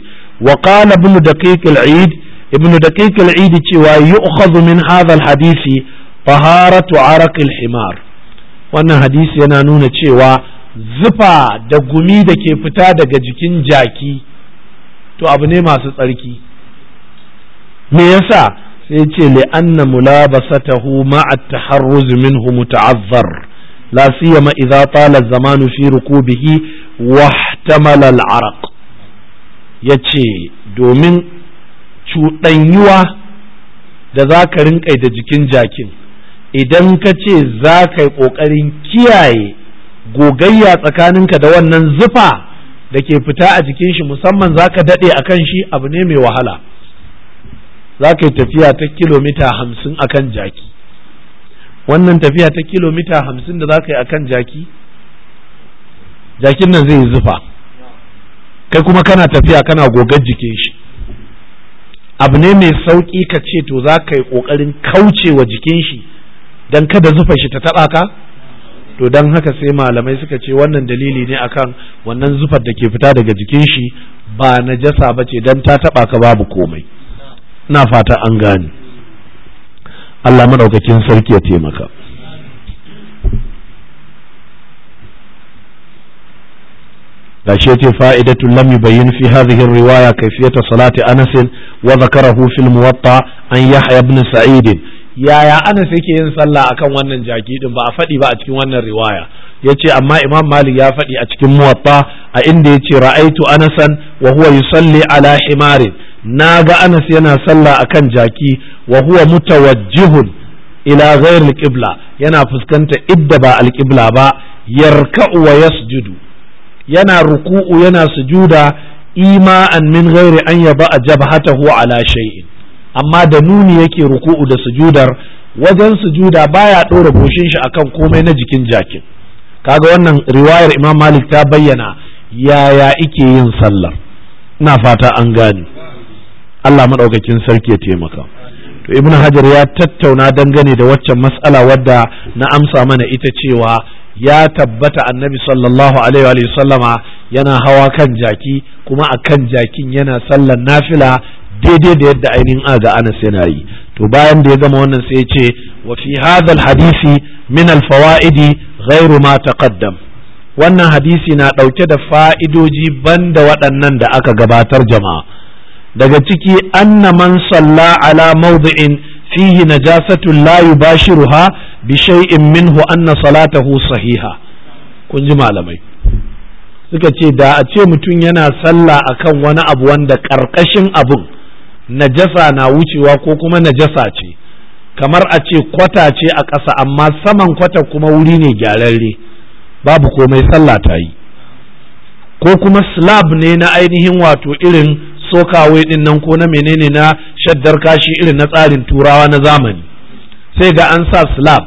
wa ƙala ibn da al ابن دقيق العيد cewa yu'khadhu min hadha al-hadisi taharatu himar wannan hadisi yana nuna cewa zufa da gumi da ke fita daga jikin jaki to abu ne masu tsarki me yasa sai ce li'anna mulabasatahu ma'a taharruz minhu muta'azzar la siyama idza tala zamanu fi rukubihi wa ihtamala al-araq yace domin cuɗanyuwa da za ka rinƙai da jikin jakin idan ka ce za ka yi ƙoƙarin kiyaye gogayya tsakaninka da wannan zufa da ke fita a jikin shi musamman za ka daɗe a kan shi abu ne mai wahala za ka yi tafiya ta kilomita hamsin a kan jaki wannan tafiya ta kilomita hamsin da za ka yi a kan jaki jakin nan zai yi zufa kai kuma kana tafiya kana gogar jikin shi abu ne mai sauƙi ka ce to za ka yi ƙoƙarin kauce wa jikin shi dan kada zufa shi ta taba ka to don haka sai malamai suka ce wannan dalili ne akan wannan zufar da ke fita daga jikin shi ba najasa ba ce dan ta taba ka babu komai na fata an gane Allah madaukakin sarki ya taimaka gashi yace fa'idatu lam yubayyin fi hadhihi riwaya kayfiyata salati Anas wa dhakarahu fil Muwatta an Yahya ibn Sa'id yaya anas yake yin sallah akan wannan jaki din ba a faɗi ba a cikin wannan riwaya yace amma imam malik ya faɗi a cikin muwatta a inda yace ra'aitu anasan wa huwa yusalli ala himarin ga anas yana sallah akan jaki wa huwa mutawajjihun ila ghayr alqibla yana fuskanta idda ba alqibla ba yarka'u wa yasjudu yana ruku'u yana sujuda ima'an min ghairi an yaba jabhatahu ala shay'in amma da nuni yake ruku'u da sujudar wajen sujuda baya ɗora goshin shi akan komai na jikin jakin kaga wannan riwayar imam malik ta bayyana yaya ike yin sallar ina fata an gane Allah maɗaukakin sarki ya taimaka to ibn hajar ya tattauna dangane da waccan matsala wadda na amsa mana ita cewa ya tabbata annabi sallallahu alaihi wa sallama yana hawa kan jaki kuma a kan jakin yana sallar nafila daidai da yadda ainihin aga Anas yana yi to bayan da ya gama wannan sai ya ce wa fi hadal hadisi min al fawaidi ghairu ma taqaddam wannan hadisi na dauke da fa'idoji banda waɗannan da aka gabatar jama'a daga ciki anna man salla ala mawdi'in fihi najasatun la yubashiruha bi shay'in minhu anna salatahu sahiha kun ji malamai suka ce da a ce mutum yana sallah akan wani abu wanda karkashin abun najasa na wucewa ko kuma najasa ce kamar a ce kwata ce a ƙasa amma saman kwata kuma wuri ne gyararre babu komai sallah ta yi ko kuma slab ne na ainihin wato irin sokawai din nan ko na menene na shaddar kashi irin na tsarin turawa na zamani sai ga an sa slab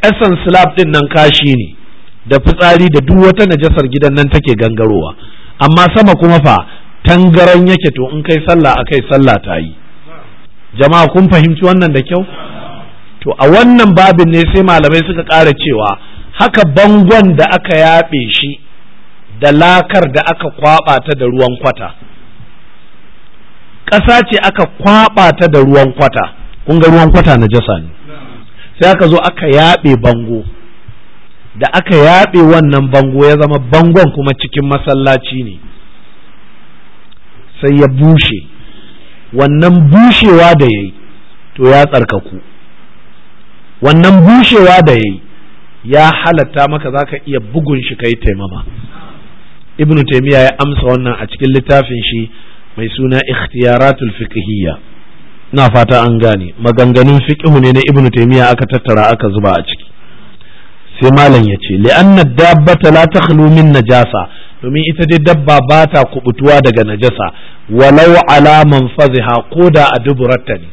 ƙasan slab din nan kashi ne da fitsari da duk wata najasar gidan nan take gangarowa amma sama kuma fa tangaran yake to in kai sallah akai sallah ta yi jama'a kun fahimci wannan da kyau to a wannan babin ne sai malamai suka ƙara cewa haka bangon da aka yaɓe shi da lakar da aka kwaɓa ta da ruwan kwata ƙasa ce aka kwaɓa ta da ruwan kwata kun ga ruwan kwata na jasa ne sai aka zo aka yaɓe bango da aka yaɓe wannan bango ya zama bangon kuma cikin masallaci ne sai ya bushe wannan bushewa da ya yi to ya tsarkaku wannan bushewa da ya yi ya halatta maka za ka iya bugun shi ka yi taimama ibnu taimiyya ya amsa wannan a cikin littafin shi mai suna ikhtiyaratul fiqhiyya na fata an gane maganganun fiqhu ne na ibnu taimiyya aka tattara aka zuba a ciki sai malam ya ce li'anna dabbata la takhlu min najasa domin ita dai dabba ba ta kubutuwa daga najasa walau ala manfaziha ko da a duburatta ne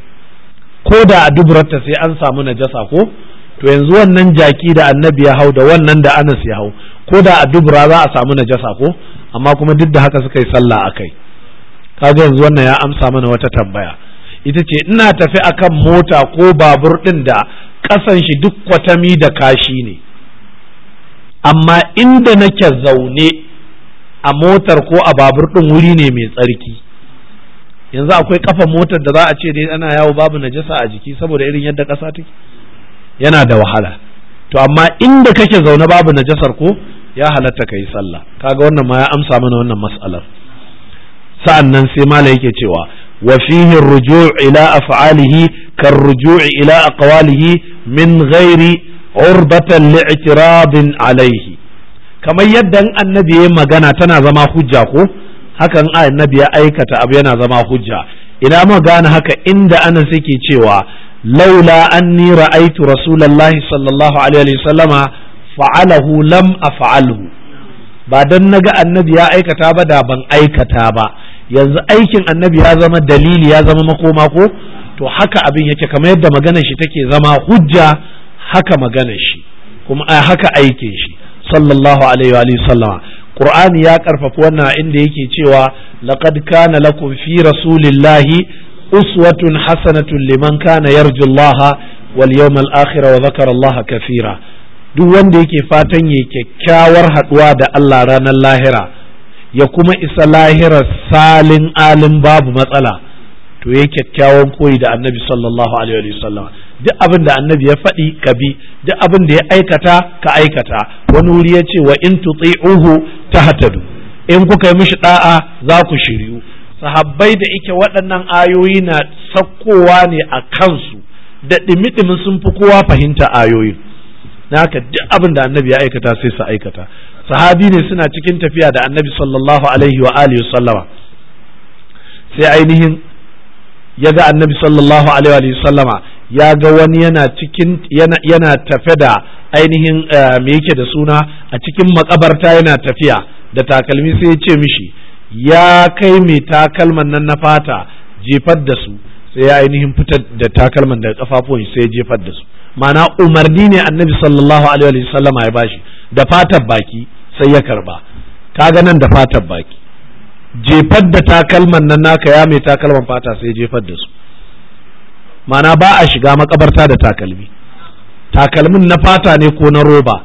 ko da a duburatta sai an samu najasa ko to yanzu wannan jaki da annabi ya hau da wannan da anas ya hau ko da a dubura za a samu najasa ko amma kuma duk da haka suka yi sallah akai kaga yanzu wannan ya amsa mana wata tambaya ita ce ina tafi akan mota ko babur din da kasan shi duk kwatami da kashi ne amma inda nake zaune a motar ko a babur ɗin wuri ne mai tsarki yanzu akwai kafa motar da za a ce dai ana yawo babu najasa a jiki saboda irin yadda ƙasa take yana da wahala to amma inda kake zaune babu najasar ko ya halatta ka yi sallah kaga wannan ma ya amsa mana wannan mas'alar sa'an nan sai mala yake cewa wa fihi rujuu ila af'alihi kar rujuu ila aqwalihi min ghairi urbatan li'tirabin alayhi kamar yadda annabi ya magana tana zama hujja ko hakan annabi ya aikata abu yana zama hujja ina mu gane haka inda ana yake cewa laula anni ra'aytu rasulullahi sallallahu alaihi wasallama fa'alahu lam af'alhu ba dan naga annabi ya aikata ba da ban aikata ba yanzu aikin annabi ya zama dalili ya zama makoma ko to haka abin yake kamar yadda maganar shi take zama hujja haka maganar shi kuma eh, haka aikin shi sallallahu alaihi wa sallama qur'ani ya karfafa wannan inda yake cewa laqad kana lakum fi rasulillahi uswatun hasanatun liman kana yarjullaha wal yawmal akhir wa dhakara kathira duk wanda yake fatan yi kyakkyawar haduwa da Allah ranar lahira ya kuma isa lahirar salin alin babu matsala to ya kyakkyawan koyi da annabi sallallahu alaihi wa sallam duk abin da annabi ya faɗi ka bi duk abin da ya aikata ka aikata wani wuri ya ce wa in ta hatadu in kuka yi mishi da'a za ku shiryu sahabbai da ike waɗannan ayoyi na sakkowa ne a kansu da ɗimi-ɗimin sun fi kowa fahimta ayoyin na haka duk abin da annabi ya aikata sai su aikata sahabi ne suna cikin tafiya da annabi sallallahu alaihi wa alihi sallama sai ainihin ya ga annabi sallallahu alaihi wa sallama ya ga wani yana cikin yana, yana tafe da ainihin uh, me yake da suna a cikin makabarta yana tafiya da takalmi sai ya ce mishi ya kai mai takalman nan na fata jefar da su sai ya ainihin fitar da takalman daga kafafuwan sai ya jefar da su ma'ana umarni ne annabi sallallahu alaihi wasallama ya bashi da fatar baki sai ya karba kaga nan da fatar baki jefar da takalman nan naka ya mai takalman fata sai jefar da su mana ba a shiga makabarta da takalmi takalmin na fata ne ko na roba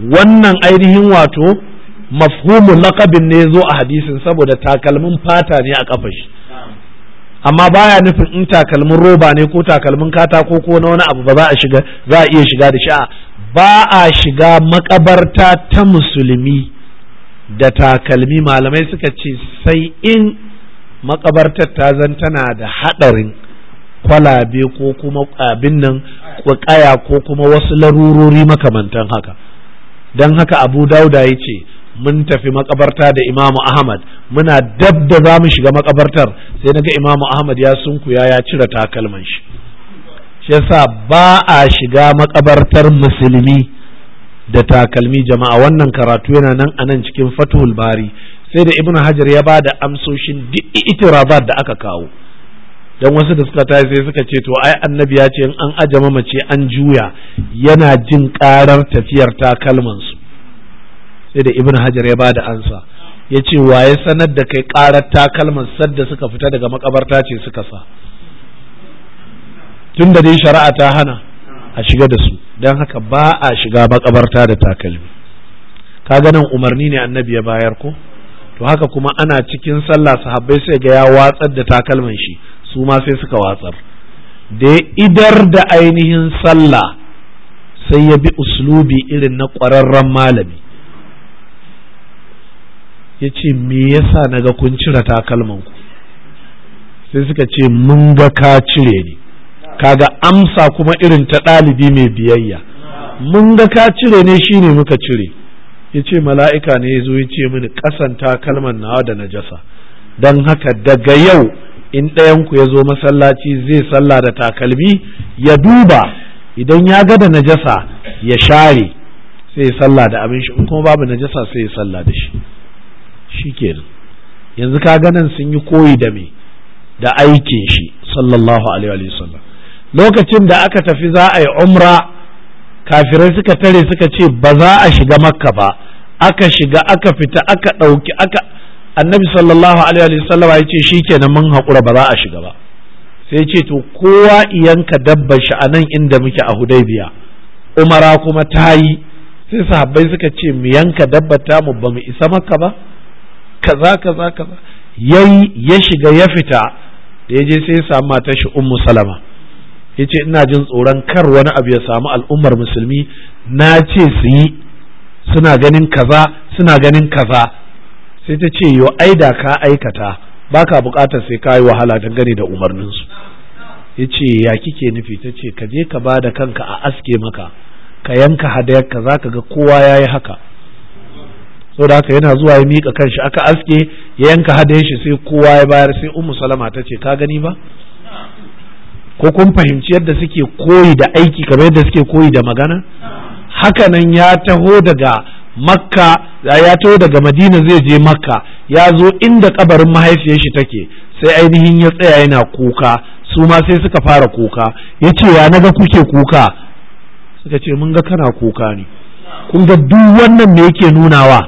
wannan ainihin wato mafhumu lakabin ne zo a hadisin saboda takalmin fata ne a kafa shi amma baya nufin in takalmin roba ne ko takalmin katako ko na wani abu ba za a shiga za a iya shiga da shi ba a shiga makabarta ta musulmi da takalmi malamai suka ce sai in makabartar ta zan tana da haɗarin kwalabe ko kuma abin nan kaya ko kuma wasu larurori makamantan haka don haka abu dauda ya ce mun tafi makabarta da imamu ahmad muna dab da za mu shiga makabartar sai naga imamu ahmad ya sunkuya ya cire takalman shi shi sa ba a shiga makabartar musulmi da takalmi jama'a wannan karatu yana nan a nan cikin fatuhul bari sai da ibnu hajar ya ba da amsoshin duk itirabar da aka kawo dan wasu da suka tashi sai suka ce to ai annabi ya ce in an ajama mace an juya yana jin karar tafiyar takalman su sai da ibn hajar ya bada ansa ya ce waye sanar da kai karar takalman sadda suka fita daga makabarta ce suka sa tun da dai shari'a ta hana a shiga da su don haka ba a shiga makabarta da takalmi kaga nan umarni ne annabi ya bayar ko to haka kuma ana cikin sallah sahabbai sai ga ya watsar da takalman shi su ma sai suka watsar da ya idar da ainihin sallah sai ya bi uslubi irin na ƙwararren malami ya ce me yasa na ga kun cire takalmanku sai suka ce mun ga ka cire ni kaga amsa kuma irin ta ɗalibi mai biyayya mun ga ka cire ne shine muka cire ya ce mala'ika ne ya zo ya ce mini ƙasan takalman nawa da najasa don haka daga yau in ɗayan ku ya zo masallaci zai salla da takalmi ya duba idan ya ga da najasa ya share sai ya salla da abin shi in kuma babu najasa sai ya salla da shi yanzu ka ganin sun yi koyi da me da aikin shi sallallahu alaihi wasallam lokacin da aka tafi za a yi umra kafirai suka tare suka ce ba za a shiga makka ba aka shiga aka fita aka ɗauki aka annabi sallallahu alaihi wasallam ya ce shikenan mun haƙura ba za a shiga ba sai ce to kowa iyanka dabbar shi a nan inda muke a hudaybiya umara kuma ta yi sai sahabbai suka ce mu yanka dabbar mu ba mu isa maka ba kaza kaza kaza yayi ya shiga ya fita da yaje sai ya samu matar shi ummu salama yace ina jin tsoron kar wani abu ya samu al'ummar musulmi na ce su yi suna ganin kaza suna ganin kaza sai ta ce yo da ka aikata baka bukatar sai ka yi wahala dangane da umarninsu ya ce ya kike nufi ta ce ka je ka ba da kanka a aske maka ka yanka hadayar za ka ga kowa ya yi haka da haka yana zuwa ya miƙa kanshi aka aske ya yanka hadayar shi sai kowa ya bayar sai ummu salama ta ce ka gani ba ko kun fahimci yadda suke koyi da aiki kamar yadda suke koyi da magana Haka nan ya taho daga makka ya taho daga madina zai je makka ya zo inda kabarin mahaifiyar shi take sai ainihin ya tsaya yana kuka su ma sai suka fara kuka ya ce ya naga kuke kuka suka ce mun ga kana kuka ne kun ga duk wannan me yake nunawa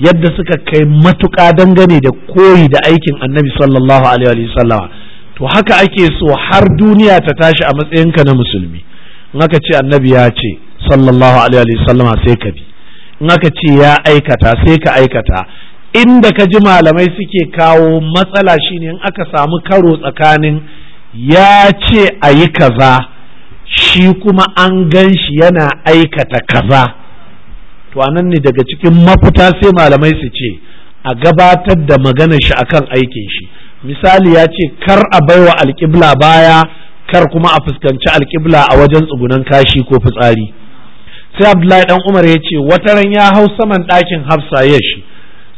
yadda suka kai matuƙa dangane da koyi da aikin annabi sallallahu alaihi to haka ake so har duniya ta tashi a matsayinka na musulmi in aka ce annabi ya ce sallallahu alaihi wa sallam sai ka bi in aka ce ya aikata sai ka aikata inda ka ji malamai suke kawo matsala shine in aka samu karo tsakanin ya ce a yi kaza shi kuma an gan shi yana aikata kaza to anan ne daga cikin mafuta sai malamai su ce a gabatar da magana shi akan aikin shi misali ya ce kar a baiwa alƙibla baya kar kuma a fuskanci alƙibla a wajen tsugunan kashi ko fitsari sai abdullahi dan umar ya ce wata ran ya hau saman ɗakin hafsa ya shi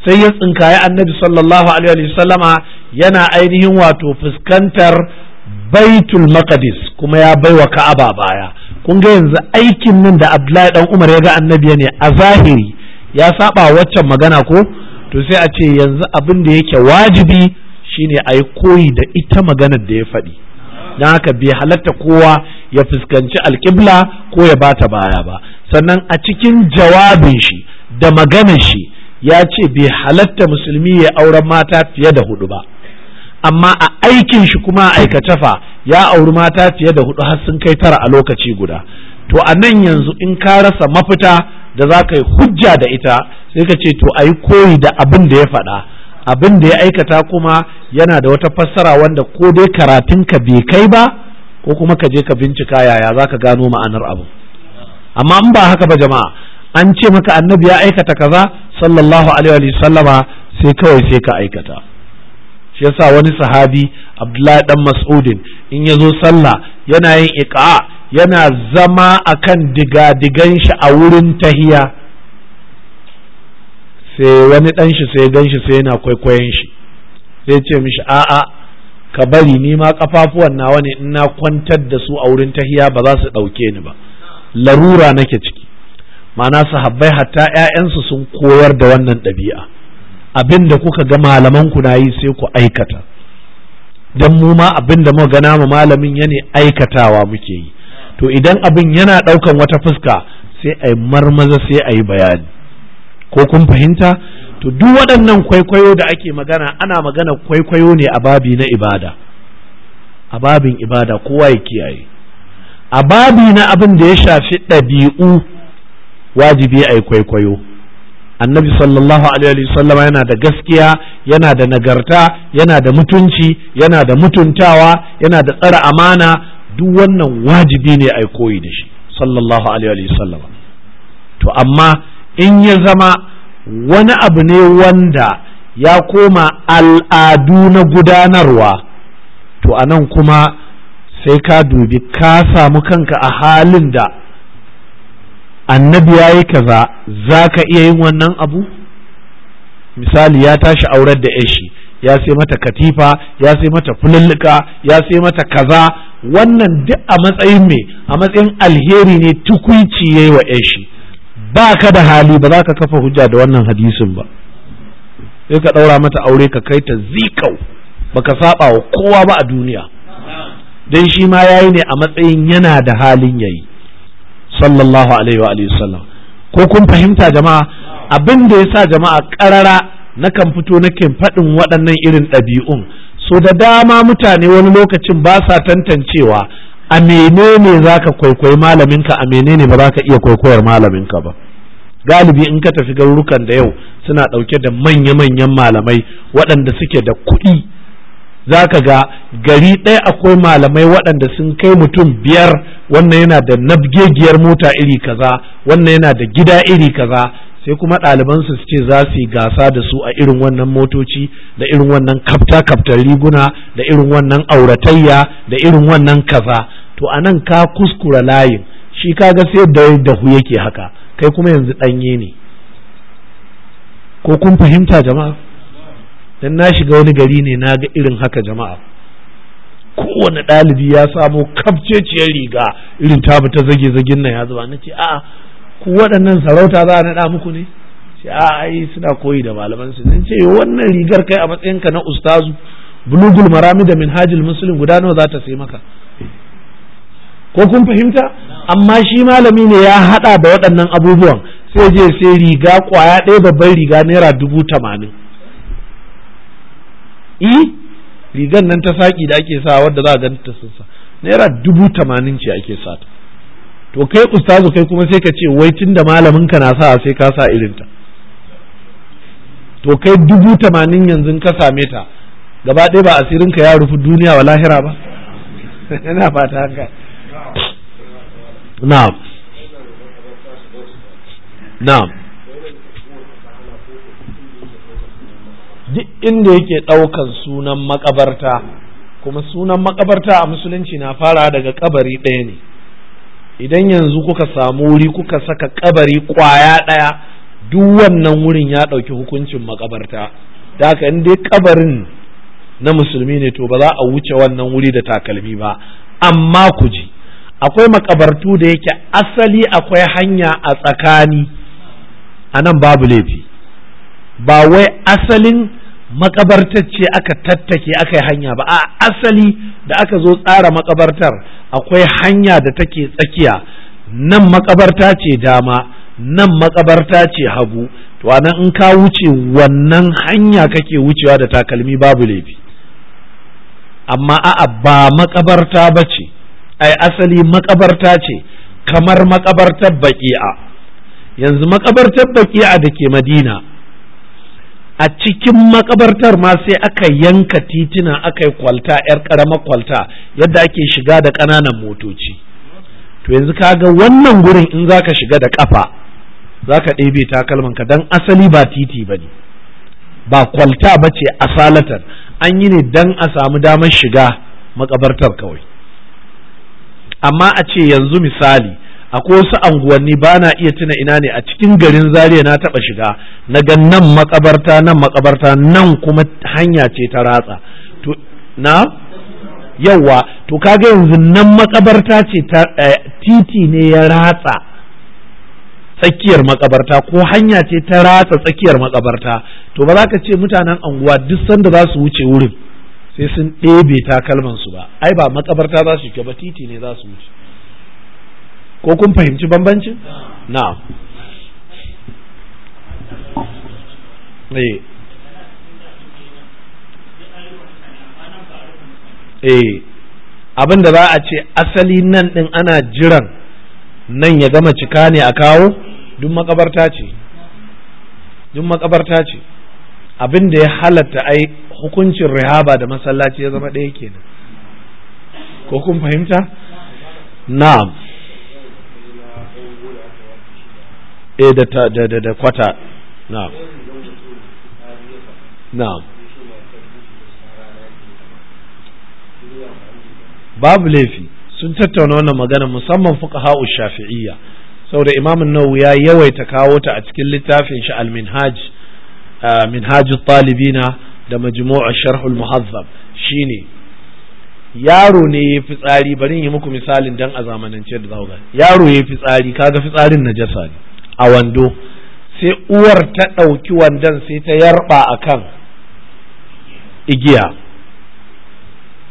sai ya tsinkaye annabi sallallahu alaihi wasallama yana ainihin wato fuskantar baitul maqdis kuma ya baiwa ka'aba baya kun ga yanzu aikin nan da abdullahi dan umar ya ga annabi ne a zahiri ya saba waccan magana ko to sai a ce yanzu abin da yake wajibi shine a yi koyi da ita maganar da ya faɗi don haka bai halatta kowa ya fuskanci alƙibla ko ya bata baya ba sannan a cikin jawabin shi da maganar shi ya ce bai halatta musulmi ya auren mata fiye da hudu ba amma a aikin shi kuma a aikace fa ya auri mata fiye da hudu har sun kai tara a lokaci guda to a nan yanzu in ka rasa mafita da za ka yi hujja da ita sai ka ce to a yi koyi da abin da ya faɗa abin da ya aikata kuma yana da wata fassara wanda ko dai karatunka bai kai ba ko kuma ka je ka bincika yaya za ka gano ma'anar abu amma in ba haka ba jama'a an ce maka annabi ya aikata kaza sallallahu alaihi wa sallama sai kawai sai ka aikata shi yasa wani sahabi abdullahi dan mas'udin in ya zo sallah yana yin iqa yana zama akan diga-digan shi a wurin tahiya sai wani dan shi sai gan shi sai yana kwaikwayon shi sai ce mishi a'a ka bari ni ma kafafuwan nawa ne in na kwantar da su a wurin tahiya ba za su dauke ni ba larura nake ciki ma'ana sahabbai hatta 'ya'yansu sun koyar da wannan ɗabi'a abin da kuka ga malaman ku na yi sai ku aikata don mu ma abin da muka gana mu malamin ya aikatawa muke yi to idan abin yana ɗaukan wata fuska sai a yi marmaza sai a yi bayani ko kun fahimta to duk waɗannan kwaikwayo da ake magana ana magana kwaikwayo ne a babi na ibada a babin ibada kowa ya kiyaye a babi na abin da ya shafi ɗabi'u wajibi a kwaikwayo annabi sallallahu alaihi sallama yana da gaskiya yana da nagarta yana da mutunci yana da mutuntawa yana da tsara amana duk wannan wajibi ne a koyi da shi sallallahu alaihi sallama to amma in ya zama wani abu ne wanda ya koma al'adu na gudanarwa to a nan kuma sai ka dubi ka samu kanka a halin da annabi ya yi kaza za ka iya yin wannan abu misali ya tashi aurar da yashi ya sai mata katifa ya sai mata fulullika ya sai mata kaza wannan duk a matsayin me a matsayin alheri ne tukunci ya yi wa yashi ba ka da hali ba za ka kafa hujja da wannan hadisin ba sai ka ɗaura mata aure ka kai ta zikau ka saɓa wa kowa ba a duniya don shi ma ya yi ne a matsayin yana da halin yayi yi sallallahu alaihi wa sallam ko kun fahimta jama'a abin da ya sa jama'a ƙarara nakan fito nake faɗin waɗannan irin ɗabi'un so da dama mutane wani lokacin ba sa tantancewa a menene za ka kwaikwayi malaminka a menene ba za ka iya kwaikwayar malaminka ba galibi in ka tafi garurukan da yau suna ɗauke da manya-manyan malamai waɗanda suke da kuɗi za ka ga gari ɗaya akwai malamai waɗanda sun kai mutum biyar wannan yana da nabgegiyar mota iri kaza wannan yana da gida iri kaza sai kuma ɗaliban su ce za su yi gasa da su a irin wannan motoci da irin wannan kafta kaftar riguna da irin wannan auratayya da irin wannan kaza to a nan ka kuskura layin shi ka ga sai da dahu yake haka kai kuma yanzu ɗanye ne ko kun fahimta jama'a dan na shiga wani gari ne na ga irin haka jama'a kowane ɗalibi ya samo kafceciyar riga irin ta ta zage zagen nan ya zuba na ce a'a ku waɗannan sarauta za a naɗa muku ne ce a'a ai suna koyi da malaman su ce eh, wannan rigar kai a matsayinka na ustazu bulugul marami da minhajul musulun guda nawa za ta sai maka ko kun fahimta amma shi malami ne ya haɗa da waɗannan abubuwan sai je sai riga kwaya ɗaya babban riga naira dubu tamanin i e, rigan nan ta saki da ake sa wadda za a ganta ta sun sa naira dubu tamanin ce ake sa ta to kai ustazu kai kuma sai ka ce wai tun da malamin ka na sa sai ka sa irin ta. to kai dubu tamanin yanzu ka same ta gaba ɗaya ba asirin ka ya rufi duniya wa lahira ba ina fata haka na'am na'am duk inda yake ɗaukan sunan makabarta kuma sunan makabarta a musulunci na fara daga kabari ɗaya ne idan yanzu kuka samu wuri kuka saka kabari kwaya ɗaya duk wannan wurin ya ɗauki hukuncin makabarta da haka in dai kabarin na musulmi ne to ba za a wuce wannan wuri da takalmi ba amma ku ji akwai makabartu da yake asali akwai hanya a tsakani a nan babu laifi ba wai asalin makabartar ce aka tattake aka yi hanya ba a asali da aka zo tsara makabartar akwai hanya da take tsakiya nan makabarta ce dama nan makabarta ce hagu to anan in ka wuce wannan hanya kake wucewa da takalmi babu laifi amma a'a ba makabarta ba ce ai asali makabarta ce kamar makabartar baki'a yanzu makabartar baki'a da ke madina a cikin makabartar ma sai aka yanka titina aka yi kwalta 'yar ƙaramar kwalta yadda ake shiga da ƙananan motoci to yanzu kaga wannan gurin in zaka shiga da ƙafa za ka ɗebe takalmanka don asali ba titi ba ne ba kwalta ba ce asalatar an yi ne don a samu damar shiga makabartar kawai amma a ce yanzu misali akwai wasu anguwanni ba na iya tuna ina ne a cikin garin zaria na taɓa shiga na ga nan makabarta nan makabarta nan kuma hanya ce ta ratsa to na yawa to kaga yanzu nan makabarta ce ta eh, titi ne ya ratsa tsakiyar makabarta ko hanya ce ta ratsa tsakiyar makabarta to ba za ka ce mutanen anguwa duk sanda za su wuce wurin sai sun ɗebe takalmansu ba ai ba makabarta za su ba titi ne za su wuce ko kun fahimci bambancin na eh, eh. za a ce asali nan din ana jiran nan ya gama cika ne a kawo duk makabarta ce duk makabarta ce abin ya halatta ai hukuncin rihaba da masallaci ya zama ɗaya kenan ko kun fahimta na'am eh da da kwata na'am na'am babu laifi sun tattauna wannan magana musamman ha'u shafi'iyya saboda imam an ya yawaita kawo ta a cikin littafin shi al-minhaj minhaj talibina da majmu'a Sharhul al-muhazzab shine yaro ne ya fitsari bari yi muku misalin dan a zamanance da zauga yaro ya fitsari kaga fitsarin najasa ne a wando sai uwar ta ɗauki wandon sai ta yarɓa a kan igiya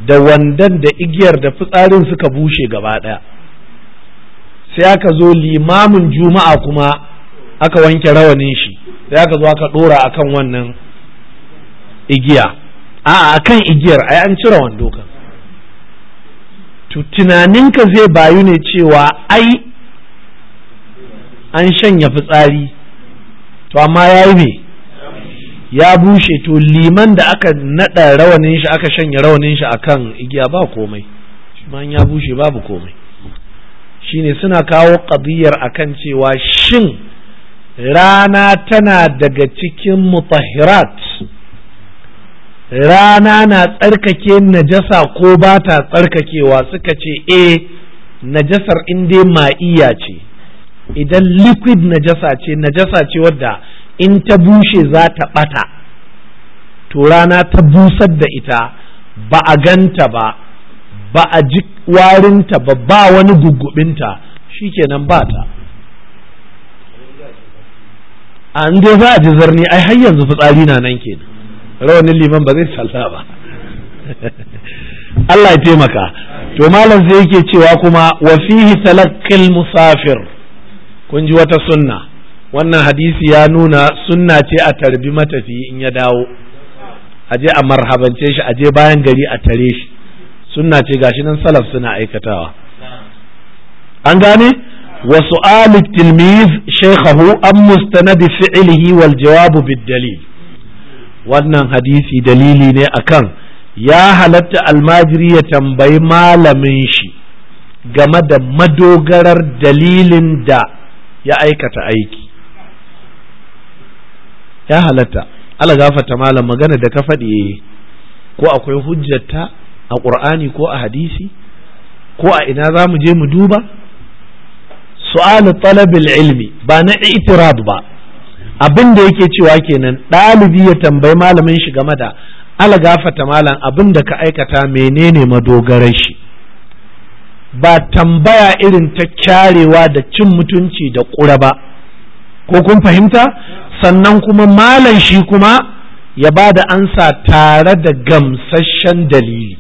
da wandon da igiyar da fitsarin suka bushe gaba ɗaya sai aka zo limamin juma'a kuma aka wanke rawanin shi sai aka zo aka ɗora a kan wannan igiya a a kan igiyar ai an cire wando kan tunaninka zai bayu ne cewa ai an shanya fitsari to amma ya yi me ya bushe to liman da aka naɗa rawanin shi aka shanya rawanin shi akan igiya ba komai shi ya bushe babu komai shine suna kawo qadiyar akan cewa shin rana tana daga cikin mutahirat rana na tsarkake najasa ko ba ta tsarkakewa suka ce eh najasar inda ma'iya ce idan liquid najasa ce najasa ce wadda in ta bushe za ta bata to rana ta busar da ita ba a ganta ba ba a ji warinta ba ba wani gugubinta shikenan ba ta an dai za a ji zarni ai har yanzu fitsari na nan ke. rawanin liman ba zai salla ba Allah ya taimaka to malam zai yake cewa kuma wa fihi talaqqil musafir kun ji wata sunna wannan hadisi ya nuna sunna ce a tarbi matafi in ya dawo a je a marhabance shi a je bayan gari a tare shi sunna ce gashi nan salaf suna aikatawa an gane wa su'alu tilmiz shaykhahu an mustanad fi'lihi wal jawab bid wannan hadisi dalili ne akan ya halatta almajiri ya tambayi malamin shi game da madogarar dalilin da ya aikata aiki ya halatta ala gafata malam magana da ka faɗi eh, ko akwai hujjata a ƙur'ani ko a hadisi ko a ina za mu je mu duba su'alu talabil ilmi ba na itirad ba abin da yake cewa kenan ɗalibi ya tambayi malamin shi game da ala gafata malam abin da ka aikata menene madogarar shi ba tambaya irin ta kyarewa da cin mutunci da ƙura ba ko kun fahimta sannan kuma malam shi kuma ya ba da ansa tare da gamsashen dalili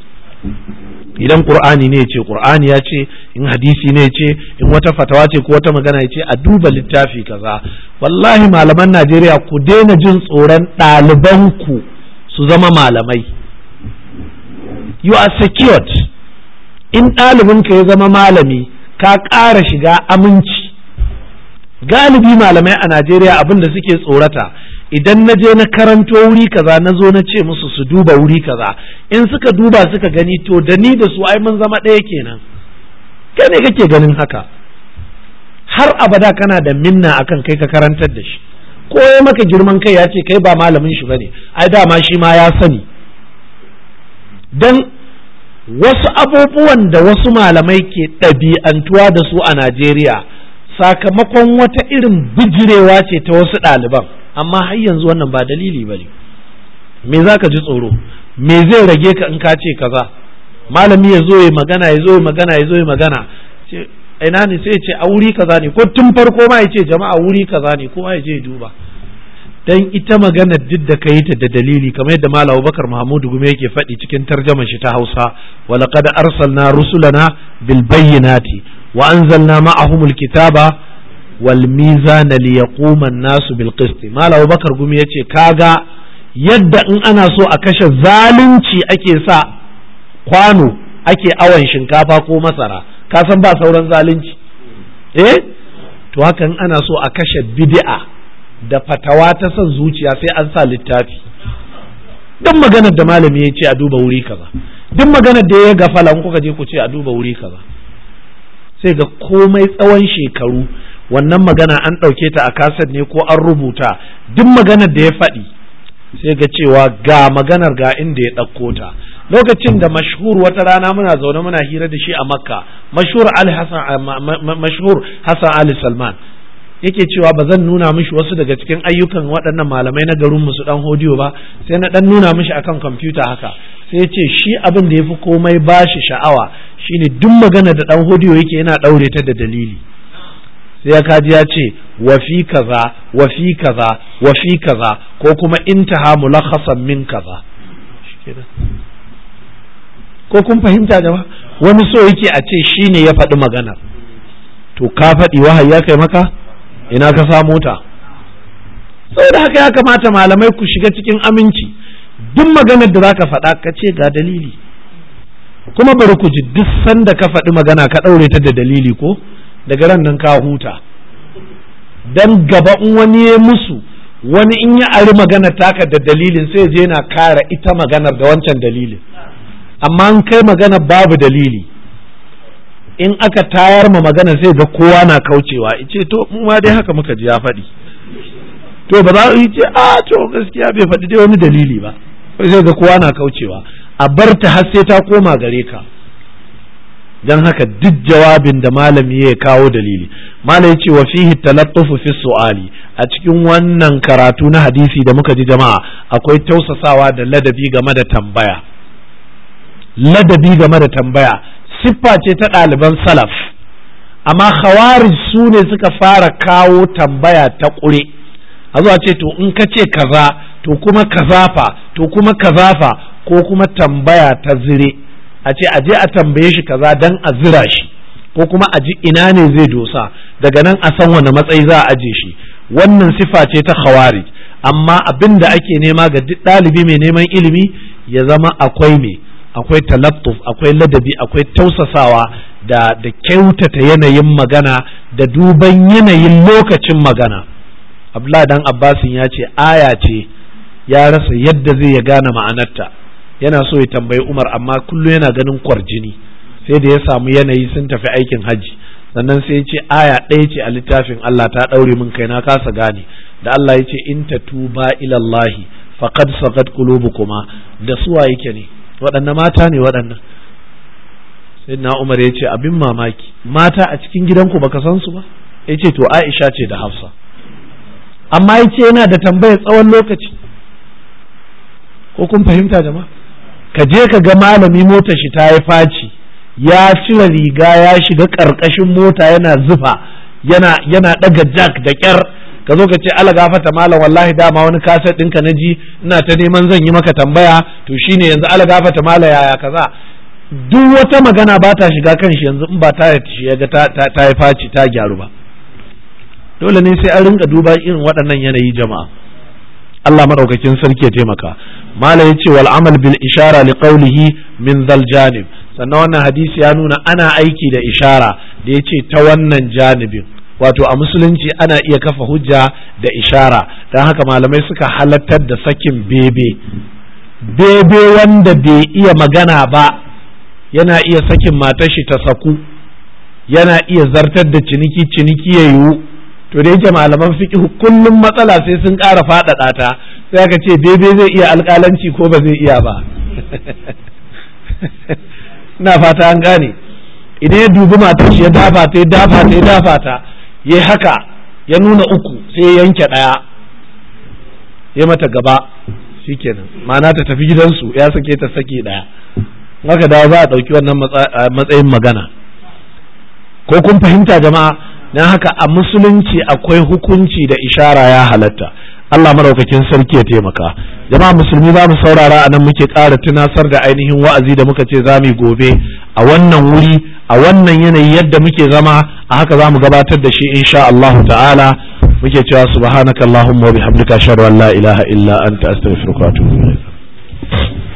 idan qur'ani ne ce qur'ani ya ce in hadisi ne ce in wata fatawa ce ko wata magana ya ce a duba littafi kaza wallahi malaman najeriya ku daina jin tsoron ɗalibanku su zama malamai you are secured in ɗalibinka ya zama malami ka ƙara shiga aminci galibi malamai a najeriya abin da suke tsorata idan na je na karanto wuri kaza na zo na ce musu su duba wuri kaza in suka duba suka gani to da ni da su ai mun zama ɗaya kenan kai ne kake ganin haka har abada kana da minna akan kai ka karantar da shi ko ya maka girman kai ya ce kai ba malamin shi bane ai dama shi ma ya sani dan wasu abubuwan da wasu malamai ke ɗabi'antuwa da su a Najeriya sakamakon wata irin bijirewa ce ta wasu ɗaliban amma har yanzu wannan ba dalili ba ne me za ka ji tsoro me zai rage ka in ka ce kaza malami ya zo ya magana ya zo ya magana ya zo ya magana ina ne sai ce a wuri kaza ne ko tun farko ma ya ce jama'a wuri kaza ne kowa ya je duba dan ita magana duk da kai ta da dalili kamar yadda Malam Abubakar Mahmud Gume yake faɗi cikin tarjaman shi ta Hausa wa laqad arsalna rusulana bil bayyinati wa anzalna al kitaba wal mizana liyaquma an-nasu bil qist Malam Abubakar Gume yace kaga yadda in ana so a kashe zalunci ake sa kwano ake awon shinkafa ko masara ka san ba sauran zalunci eh to haka in ana so a kashe bid'a da fatawa ta son zuciya sai an sa littafi duk maganar da malami ya ce a duba wuri kaza duk maganar da ya gafala in kuka je ku ce a duba wuri kaza sai ga komai tsawon shekaru wannan magana an ɗauke ta a kasar ne ko an rubuta duk maganar da ya faɗi sai ga cewa ga maganar ga inda ya ɗauko ta lokacin da mashhur wata rana muna zaune muna hira da shi a makka mashhur ali hasan ali salman yake cewa ba zan nuna mishi wasu daga cikin ayyukan waɗannan malamai na garin su dan hodiyo ba sai na ɗan nuna mishi akan kwamfuta haka sai ce shi abin da yafi komai bashi sha'awa shine duk magana da dan hodiyo yake yana daure ta da dalili sai ya kaji ya ce wa fi kaza wa kaza wa kaza ko kuma intaha mulakhasan min kaza ko kun fahimta da wani so yake a ce shine ya faɗi magana to ka faɗi wahayi ya kai maka ina ka mota ta saboda haka ya kamata malamai ku shiga cikin aminci duk maganar da zaka faɗa ka ce ga dalili kuma bari ku ji duk sanda ka faɗi magana ka ɗaure ta da dalili ko daga ran nan ka huta dan gaba in wani ya musu wani in ya ari maganar taka da dalilin sai je yana kara ita maganar da wancan dalilin amma an kai maganar babu dalili in aka tayar ma magana sai ga kowa na kaucewa ce to mu ma dai haka muka ji ya faɗi to ba za a yi ce a ah, to gaskiya bai faɗi dai wani dalili ba sai ga kowa na kaucewa a bar ta har sai ta koma gare ka dan haka duk jawabin da malami ya kawo dalili malai ce wa fihi talattufu fi su'ali a cikin wannan karatu na hadisi da muka ji jama'a akwai tausasawa da ladabi game da tambaya ladabi game da tambaya siffa ce ta ɗaliban salaf amma khawarij su ne suka fara kawo tambaya ta ƙure a zuwa ce to in ka ce kaza to kuma kazafa to kuma kazafa ko kuma tambaya ta zire a ce aje a tambaye shi kaza dan a zira shi ko kuma a ji ina ne zai dosa daga nan a san wani matsayi za a aje shi wannan sifface ce ta khawarij amma abin da ake nema ga duk ɗalibi mai neman ilimi ya zama akwai mai akwai talattuf akwai ladabi akwai tausasawa da da kyautata yanayin magana da duban yanayin lokacin magana abdullahi dan abbasin ya ce aya ce ya rasa yadda zai ya gane ma'anarta yana so ya tambayi umar amma kullum yana ganin kwarjini sai da ya samu yanayi sun tafi aikin hajji sannan sai ya ce aya ɗaya ce a littafin Allah ta ɗaure min kai na kasa gane da Allah ya ce in ta tuba ilallahi faqad saqat kuma da suwa yake ne waɗanne mata ne waɗannan sai na umar ya ce abin mamaki mata a cikin gidanku baka san su ba ya ce to aisha ce da hafsa amma ya ce yana da tambaya tsawon lokaci ko kun fahimta jama'a ka je ka ga malami mota shi ta yi faci ya cire riga ya shiga ƙarƙashin mota yana zufa yana yana ɗaga jack da ƙyar ka zo ka ce ala fata malam wallahi dama wani kasar ɗinka na ji ina ta neman zan yi maka tambaya to shine yanzu ala fata malam yaya kaza duk wata magana ba ta shiga kan shi yanzu in ba ta ya ga ta yi faci ta gyaru ba dole ne sai an rinka duba irin waɗannan yanayi jama'a Allah madaukakin sarki ya taimaka Malam ya ce wal amal bil ishara li qawlihi min zal janib sannan wannan hadisi ya nuna ana aiki da ishara da yace ta wannan janibin wato a musulunci ana iya kafa hujja da ishara don haka malamai suka halattar da sakin bebe bebe wanda bai iya magana ba yana iya sakin matar shi ta saku yana iya zartar da ciniki ciniki ya yiwu to da yake malaman fiƙi kullum matsala sai sun ƙara faɗaɗa ta sai aka ce bebe zai iya alƙalanci ko ba zai iya ba ina fata an gane idan ya dubi matashi ya dafa ta ya dafa ta ya dafa ta ya haka ya nuna uku sai ya yanke ɗaya ya mata gaba shikenan ma'ana ta tafi gidansu ya sake ta sake ɗaya haka dawo za a ɗauki wannan matsayin magana ko kun fahimta jama'a na haka a musulunci akwai hukunci da ishara ya halatta Allah maraukakin sarki ya taimaka jama'a musulmi za mu saurara a nan muke ƙara tunasar da ainihin wa'azi da muka ce za mu gobe a wannan wuri a wannan yanayi yadda muke zama a haka za mu gabatar da shi insha Allah ta'ala muke cewa subhanakallahumma wa bihamdika ashhadu an la ilaha illa anta astaghfiruka wa atubu ilayk